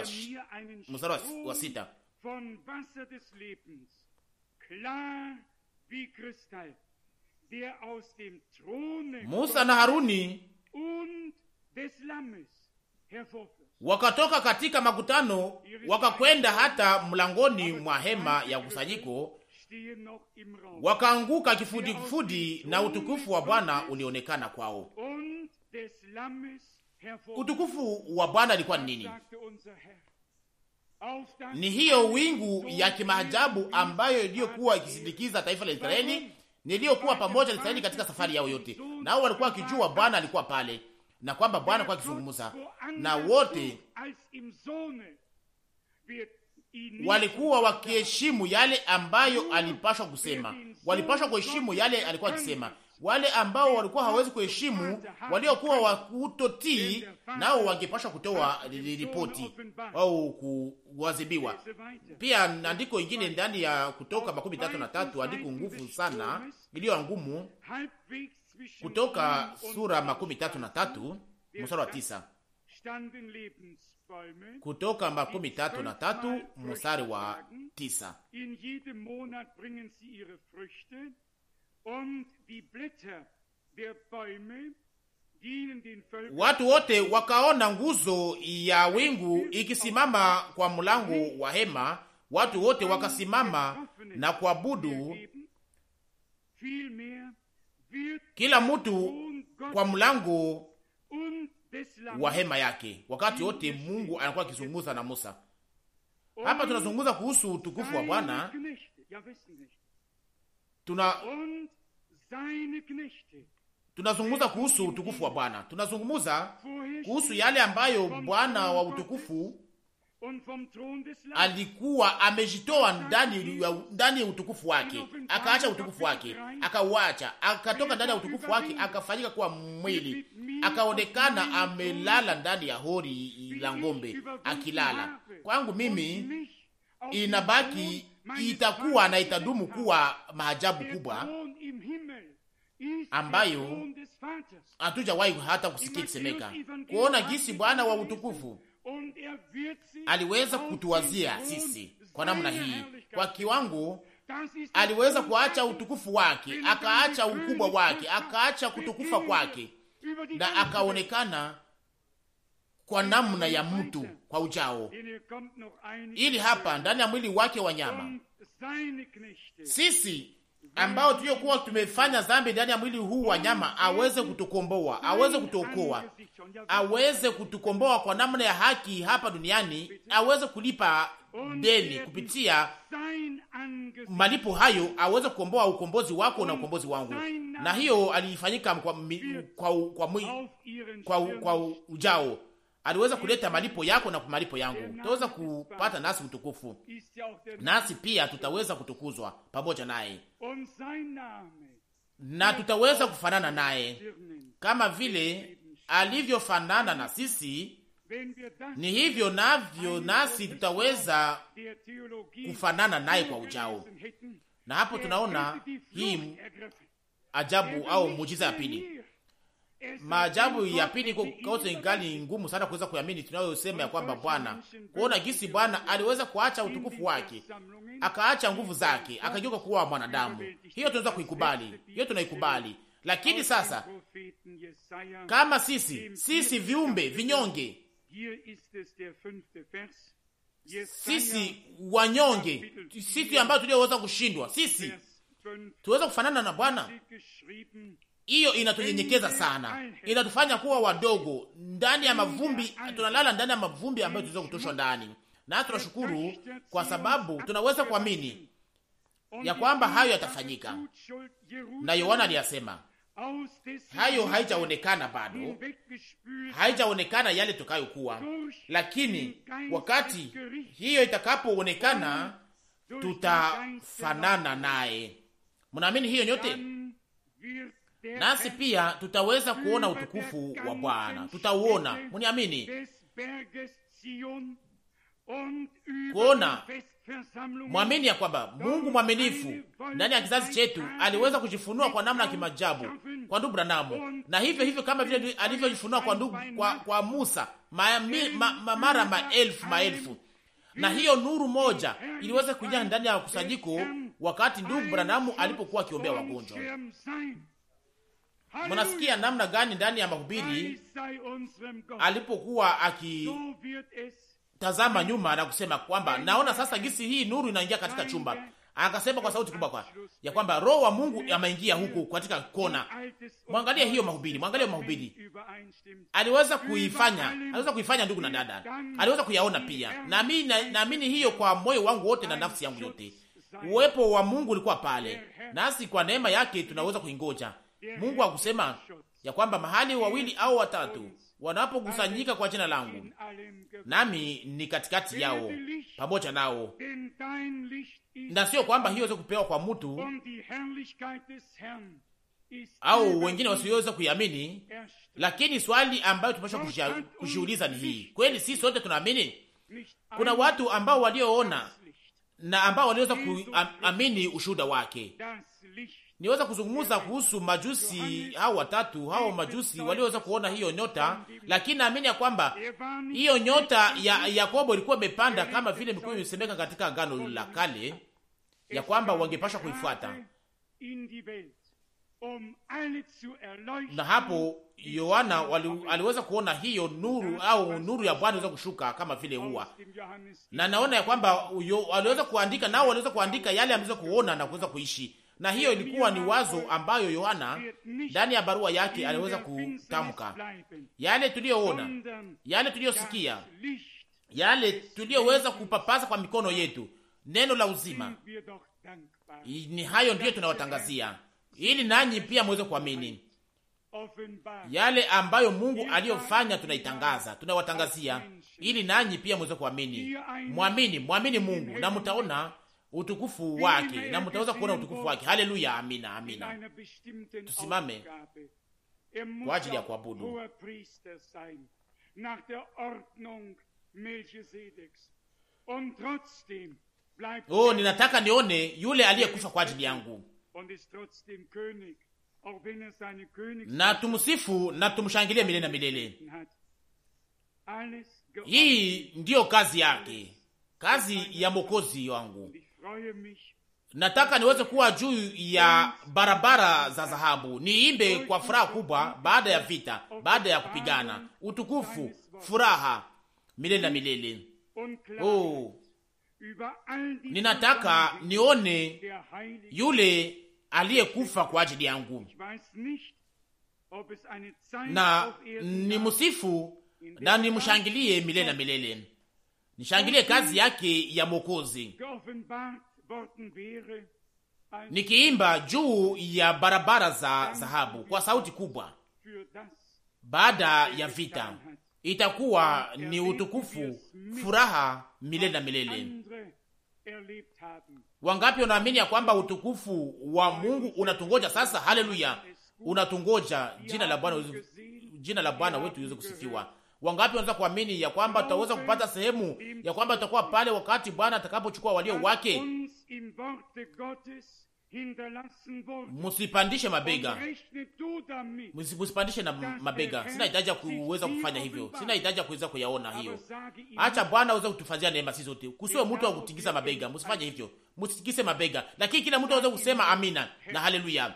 wa er sita von Wasser des Lebens, klar wie Kristall, der aus dem Throne Musa na Haruni und des Lammes hervorfloss. Wakatoka katika makutano wakakwenda hata mlangoni mwa hema ya kusanyiko, wakaanguka kifudi kifudi, na utukufu wa Bwana ulionekana kwao. Utukufu wa Bwana alikuwa ni nini? Ni hiyo wingu ya kimaajabu ambayo iliyokuwa ikisindikiza taifa la Israeli, niliyokuwa pamoja na Israeli katika safari yao yote. Nao walikuwa wakijua Bwana alikuwa pale na kwamba Bwana alikuwa akizungumza na wote, walikuwa wakiheshimu yale ambayo alipashwa kusema, walipashwa kuheshimu yale alikuwa akisema wale ambao walikuwa hawawezi kuheshimu, waliokuwa wakutotii, nao wangepashwa kutoa ripoti au kuwazibiwa. Pia andiko ingine ndani ya Kutoka makumi tatu na tatu, andiko nguvu sana iliyo ngumu, Kutoka sura makumi tatu na tatu mstari wa tisa. Kutoka makumi tatu na tatu mstari wa tisa. Watu wote wakaona nguzo ya wingu ikisimama kwa mlango wa hema. Watu wote wakasimama na kuabudu, kila mtu kwa mlango wa hema yake. Wakati wote Mungu anakuwa akizungumza na Musa. Hapa tunazungumza kuhusu utukufu wa Bwana, tuna Tunazungumza kuhusu utukufu wa Bwana, tunazungumza kuhusu yale ambayo Bwana wa utukufu alikuwa amejitoa ndani ndani ya utukufu wake, akaacha utukufu wake, akauacha, akatoka ndani ya utukufu wake, akafanyika kuwa mwili, akaonekana amelala ndani ya hori la ng'ombe akilala. Kwangu mimi inabaki itakuwa na itadumu kuwa maajabu kubwa ambayo hatujawahi hata kusikia ikisemeka, kuona gisi Bwana wa utukufu aliweza kutuwazia sisi kwa namna hii, kwa kiwango aliweza kuacha utukufu wake, akaacha ukubwa wake, akaacha kutukufa kwake na akaonekana kwa namna ya mtu kwa ujao, ili hapa ndani ya mwili wake wa nyama, sisi ambao tuliokuwa tumefanya dhambi ndani ya mwili huu wa nyama, aweze kutukomboa, aweze kutuokoa, aweze kutukomboa kwa namna ya haki hapa duniani, aweze kulipa deni kupitia malipo hayo, aweze kukomboa ukombozi wako na ukombozi wangu, na hiyo alifanyika kwa, kwa, kwa, kwa, kwa, kwa ujao aliweza kuleta malipo yako na malipo yangu. Tutaweza kupata nasi utukufu, nasi pia tutaweza kutukuzwa pamoja naye, na tutaweza kufanana naye kama vile alivyofanana na sisi. Ni hivyo navyo nasi tutaweza kufanana naye kwa ujao. Na hapo tunaona hii ajabu au muujiza ya pili Maajabu ya pili kote ingali ngumu sana kuweza kuamini tunayosema ya kwamba Bwana kuona gisi Bwana aliweza kuacha utukufu wake, akaacha nguvu zake, akageuka kuwa mwanadamu. Hiyo tunaweza kuikubali, hiyo tunaikubali. Lakini sasa kama sisi sisi viumbe vinyonge, sisi wanyonge, sisi ambayo tulioweza kushindwa, sisi tuweza kufanana na Bwana hiyo inatunyenyekeza sana, inatufanya kuwa wadogo ndani ya mavumbi, tunalala ndani ya mavumbi ambayo tunaweza kutoshwa ndani, na tunashukuru kwa sababu tunaweza kuamini ya kwamba hayo yatafanyika, na Yohana aliyasema hayo. Haijaonekana bado, haijaonekana yale tukayokuwa lakini wakati hiyo itakapoonekana tutafanana naye. Mnaamini hiyo nyote? nasi pia tutaweza kuona utukufu wa Bwana, tutauona, mniamini, kuona mwamini ya kwamba Mungu mwaminifu ndani ya kizazi chetu aliweza kujifunua kwa namna ya kimajabu kwa ndugu Branamu, na hivyo hivyo kama vile alivyojifunua kwa ndugu kwa, kwa Musa ma, ma, ma, mara maelfu maelfu. Na hiyo nuru moja iliweza kuingia ndani ya kusanyiko wakati ndugu Branamu alipokuwa akiombea wagonjwa. Mnasikia namna gani ndani ya mahubiri alipokuwa akitazama nyuma na kusema kwamba naona sasa gisi hii nuru inaingia katika chumba, akasema kwa sauti kubwa kwa ya kwamba roho wa Mungu ameingia huku katika kona. Mwangalie hiyo mahubiri, mwangalie hiyo mahubiri, aliweza kuifanya, aliweza kuifanya ndugu na dada, aliweza kuyaona pia. Naamini, naamini hiyo kwa moyo wangu wote na nafsi yangu yote. Uwepo wa Mungu ulikuwa pale nasi, kwa neema yake tunaweza kuingoja Mungu hakusema ya kwamba mahali wawili au watatu wanapokusanyika kwa jina langu, nami ni katikati yao pamoja nao. Na sio kwamba hiyo iweze kupewa kwa mtu au wengine wasiweza kuiamini, lakini swali ambayo tumesha kushiuliza ni hii: kweli sisi sote tunaamini? Kuna watu ambao walioona na ambao waliweza kuamini ushuhuda wake niweza kuzungumza kuhusu majusi hao watatu, hao majusi walioweza kuona hiyo nyota, lakini naamini ya kwamba hiyo nyota ya Yakobo ilikuwa imepanda kama vile ilikuwa imesemeka katika Agano la Kale ya kwamba wangepashwa kuifuata, na hapo Yohana aliweza kuona hiyo nuru au nuru ya Bwana iweza kushuka kama vile huwa, na naona ya kwamba aliweza kuandika nao waliweza kuandika yale ameweza kuona na kuweza kuishi na hiyo ilikuwa ni wazo ambayo Yohana ndani ya barua yake aliweza kutamka, yale tuliyoona, yale tuliyosikia, yale tuliyoweza kupapaza kwa mikono yetu, neno la uzima. Ni hayo ndiyo tunawatangazia, ili nanyi pia muweze kuamini yale ambayo Mungu aliyofanya, tunaitangaza, tunawatangazia, ili nanyi pia muweze kuamini. Mwamini, mwamini Mungu na mtaona utukufu wake na mtaweza kuona utukufu wake. Haleluya, amina, amina. Tusimame kwa ajili ya kuabudu. Oh, er ninataka nione yule aliyekufa kwa ajili yangu, er na tumsifu na tumshangilie milele na milele. Hii ndiyo kazi yake, kazi ya Mwokozi wangu Nataka niweze kuwa juu ya barabara za dhahabu, niimbe kwa furaha kubwa, baada ya vita, baada ya kupigana, utukufu, furaha milele na milele. Oh, ninataka nione yule aliyekufa kwa ajili yangu na nimsifu na nimshangilie milele na milele nishangilie kazi yake ya Mwokozi, nikiimba juu ya barabara za dhahabu kwa sauti kubwa. Baada ya vita itakuwa ni utukufu, furaha milele na milele. Wangapi wanaamini ya kwamba utukufu wa Mungu unatungoja sasa? Haleluya, unatungoja. Jina la Bwana, jina la Bwana wetu iweze kusifiwa. Wangapi wanaweza kuamini ya kwamba tutaweza kupata sehemu ya kwamba tutakuwa pale wakati Bwana atakapochukua walio wake? Musipandishe mabega, musipandishe na mabega. Sina hitaji ya kuweza kufanya hivyo, sina hitaji ya kuweza kuyaona hiyo. Acha Bwana aweze kutufanyia neema sisi zote. Kusiwe mtu wa kutikisa mabega, musifanye hivyo, musitikise mabega, lakini kila mtu aweze kusema amina na haleluya,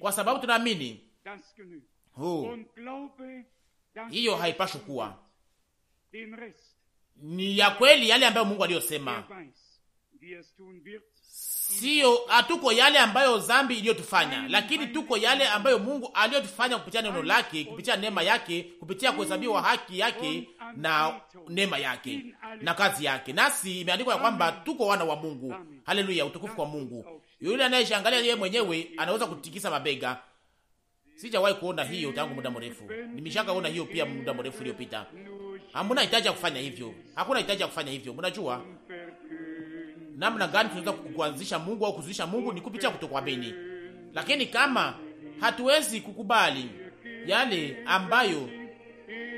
kwa sababu tunaamini oh hiyo haipashi kuwa ni ya kweli yale ambayo Mungu aliyosema, siyo hatuko yale ambayo zambi iliyotufanya, lakini tuko yale ambayo Mungu aliyotufanya kupitia neno lake, kupitia neema yake, kupitia kuhesabiwa haki yake na neema yake na kazi yake. Nasi imeandikwa ya kwamba tuko wana wa Mungu. Haleluya, utukufu kwa Mungu. Yule anayeshangalia yeye mwenyewe anaweza kutikisa mabega Sijawahi kuona hiyo tangu muda mrefu, nimeshakaona hiyo pia muda mrefu uliopita. Hamuna hitaji ya kufanya hivyo, hakuna hitaji ya kufanya hivyo. Mnajua namna gani tunaweza kuanzisha Mungu au kuzuisha Mungu ni kupitia kutokuamini, lakini kama hatuwezi kukubali yale ambayo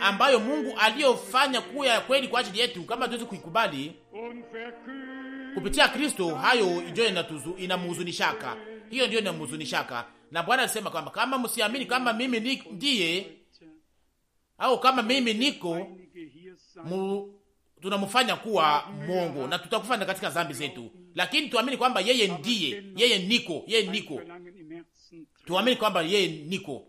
ambayo Mungu aliyofanya kuya kweli kwa ajili yetu, kama hatuwezi kuikubali kupitia Kristo, hayo ndio inatuzu inamhuzunishaka, hiyo ndio inamhuzunishaka. Na Bwana alisema kwamba kama msiamini kama mimi ndiye au kama mimi niko mu, tunamfanya kuwa mwongo na tutakufanya katika dhambi zetu, lakini tuamini kwamba yeye ndiye, yeye niko, yeye niko, tuamini kwamba yeye niko.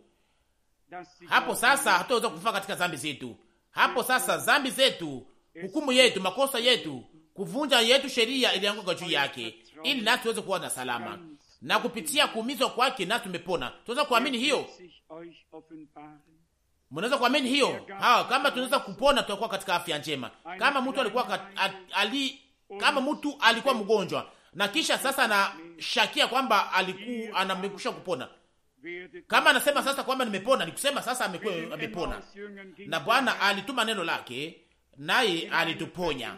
Hapo sasa hatuweza kufa katika dhambi zetu. Hapo sasa dhambi zetu, hukumu yetu, makosa yetu, kuvunja yetu sheria ilianguka juu yake, ili nasi tuweze kuwa na salama na kupitia kuumizwa kwake nasi tumepona. Tunaweza kuamini hiyo? Mnaweza kuamini hiyo? Hawa, kama tunaweza kupona tutakuwa katika afya njema. Kama mtu alikuwa kat, ali, kama mtu alikuwa mgonjwa na kisha sasa anashakia kwamba alikuwa kupona. Kama anasema sasa kwamba nimepona, nikusema sasa amekuwa amepona. Na Bwana alituma neno lake naye alituponya.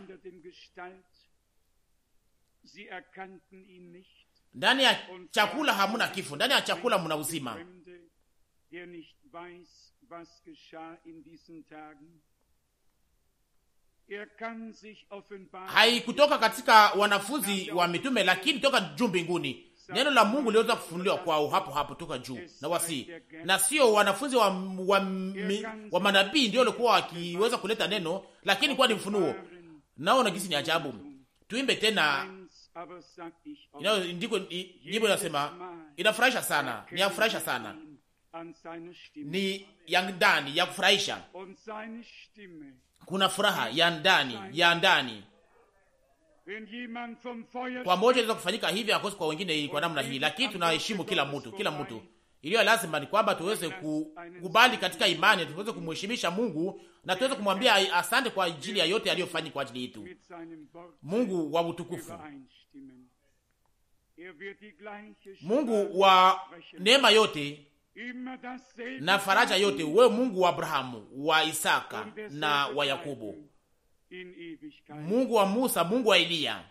Ndani ya chakula hamuna kifo, ndani ya chakula muna uzima. Haikutoka katika wanafunzi wa mitume, lakini toka juu mbinguni. Neno la Mungu liweza kufunuliwa kwao hapo hapo toka juu na wasi, na sio wanafunzi wa, wa, wa manabii ndio walikuwa wakiweza kuleta neno, lakini kuwa ni mfunuo. Naona gisi ni ajabu. Tuimbe tena ndiko nyimbo inasema, inafurahisha sana, ni ya kufurahisha sana, ni ya ndani ya kufurahisha. Kuna furaha ya ndani ya ndani kwa moja inaweza kufanyika hivi, akosi kwa wengine kwa namna hii, lakini tunaheshimu kila mtu, kila mtu. Iliyo lazima ni kwamba tuweze kukubali katika imani, tuweze kumheshimisha Mungu na tuweze kumwambia asante kwa ajili ya yote aliyofanya kwa ajili yetu. Mungu wa utukufu Mungu wa neema yote na faraja yote, wewe Mungu wa Abrahamu, wa Isaka na wa Yakobo, Mungu wa Musa, Mungu wa Eliya,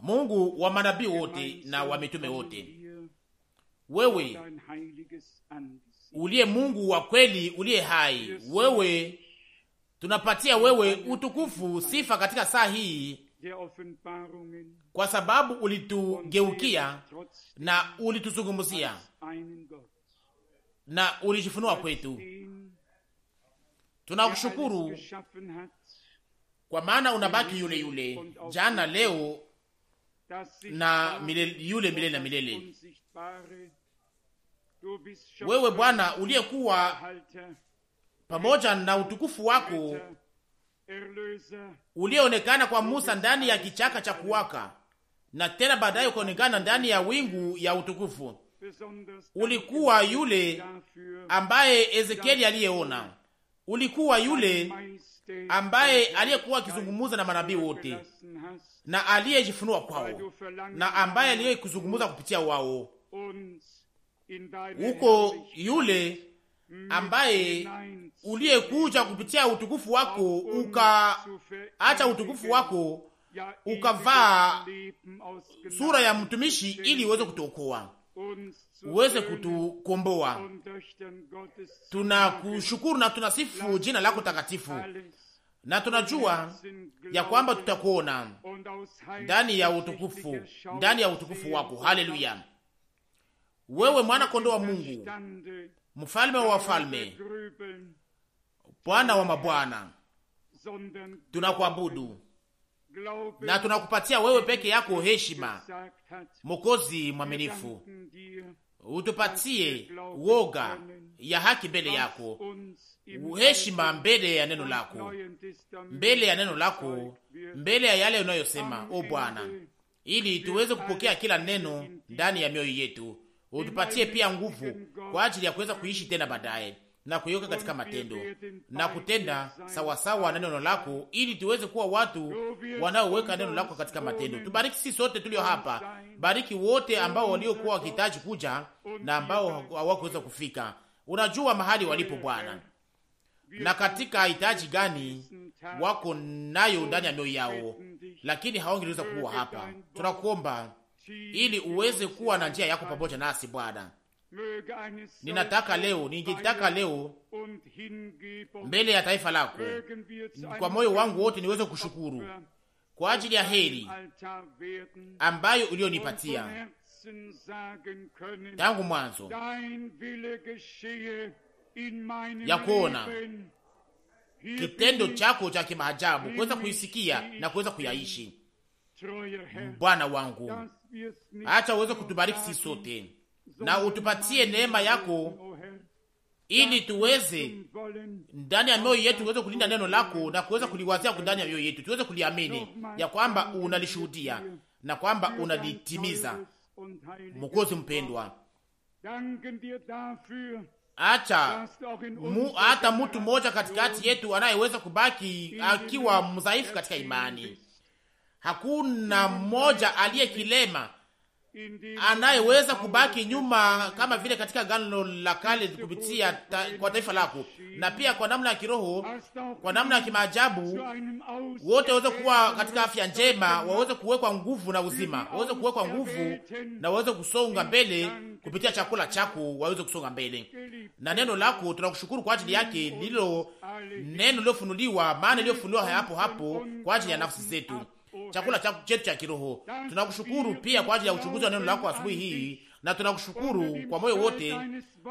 Mungu wa manabii wote na wa mitume wote, wewe uliye Mungu wa kweli, uliye hai, wewe tunapatia wewe utukufu, sifa katika saa hii kwa sababu ulitugeukia na ulituzungumzia na ulijifunua kwetu. Tunakushukuru kwa maana unabaki yule yule jana, leo na milele, yule milele na milele. Wewe Bwana uliyekuwa pamoja na utukufu wako ulioonekana kwa Musa ndani ya kichaka cha kuwaka na tena baadaye ukaonekana ndani ya wingu ya utukufu, ulikuwa yule ambaye Ezekieli aliyeona, ulikuwa yule ambaye aliyekuwa akizungumuza na manabii wote na aliyejifunua kwao na ambaye aliyekuzungumuza kupitia wao, uko yule ambaye uliyekuja kupitia utukufu wako, ukaacha utukufu wako, ukavaa sura ya mtumishi, ili uweze kutuokoa, uweze kutukomboa. Tunakushukuru na tunasifu jina lako takatifu, na tunajua ya kwamba tutakuona ndani ya utukufu, ndani ya utukufu wako. Haleluya! Wewe mwana kondoo wa Mungu, mfalme wa wafalme Bwana wa mabwana, tunakuabudu na tunakupatia wewe peke yako heshima. Mokozi mwaminifu, utupatie woga ya haki mbele yako, heshima mbele ya neno lako, mbele ya neno lako, mbele ya yale unayosema, o Bwana, ili tuweze kupokea kila neno ndani ya mioyo yetu. Utupatie pia nguvu kwa ajili ya kuweza kuishi tena baadaye na kuiweka katika matendo na kutenda sawasawa na neno lako, ili tuweze kuwa watu wanaoweka neno lako katika matendo. Tubariki sisi sote tulio hapa, bariki wote ambao waliokuwa wakihitaji kuja na ambao hawakuweza kufika. Unajua mahali walipo Bwana, na katika hitaji gani wako nayo ndani ya mioyo yao, lakini hawangeweza kuwa hapa. Tunakuomba ili uweze kuwa na njia yako pamoja nasi Bwana ninataka leo, ningetaka leo mbele ya taifa lako kwa moyo wangu wote niweze kushukuru kwa ajili ya heri ambayo ulionipatia tangu mwanzo ya kuona kitendo chako cha kimaajabu, kuweza kuisikia na kuweza kuyaishi. Bwana wangu, acha uweze kutubariki sisi sote na utupatie neema yako, ili tuweze ndani ya mioyo yetu tuweze kulinda neno lako na kuweza kuliwazia ndani ya mioyo yetu, tuweze kuliamini ya kwamba unalishuhudia na kwamba unalitimiza. Mwokozi mpendwa, acha mu, hata mtu mmoja katikati yetu anayeweza kubaki akiwa mdhaifu katika imani. Hakuna mmoja aliye kilema anayeweza kubaki nyuma kama vile katika gano la kale kupitia ta, kwa taifa lako, na pia kwa namna ya kiroho, kwa namna ya kimaajabu, wote waweze kuwa katika afya njema, waweze kuwekwa nguvu na uzima, waweze kuwekwa nguvu na waweze kusonga mbele kupitia chakula chako, waweze kusonga mbele na neno lako. Tunakushukuru kwa ajili yake, lilo neno lilofunuliwa, maana iliyofunuliwa hapo hapo kwa ajili ya nafsi zetu chakula chetu cha kiroho. Tunakushukuru pia kwa ajili ya uchunguzi wa neno lako asubuhi hii, na tunakushukuru kwa moyo wote,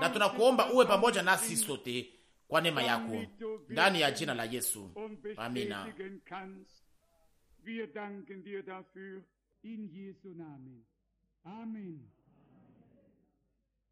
na tunakuomba uwe pamoja nasi sote kwa neema yako, ndani ya jina la Yesu, amina. Amen.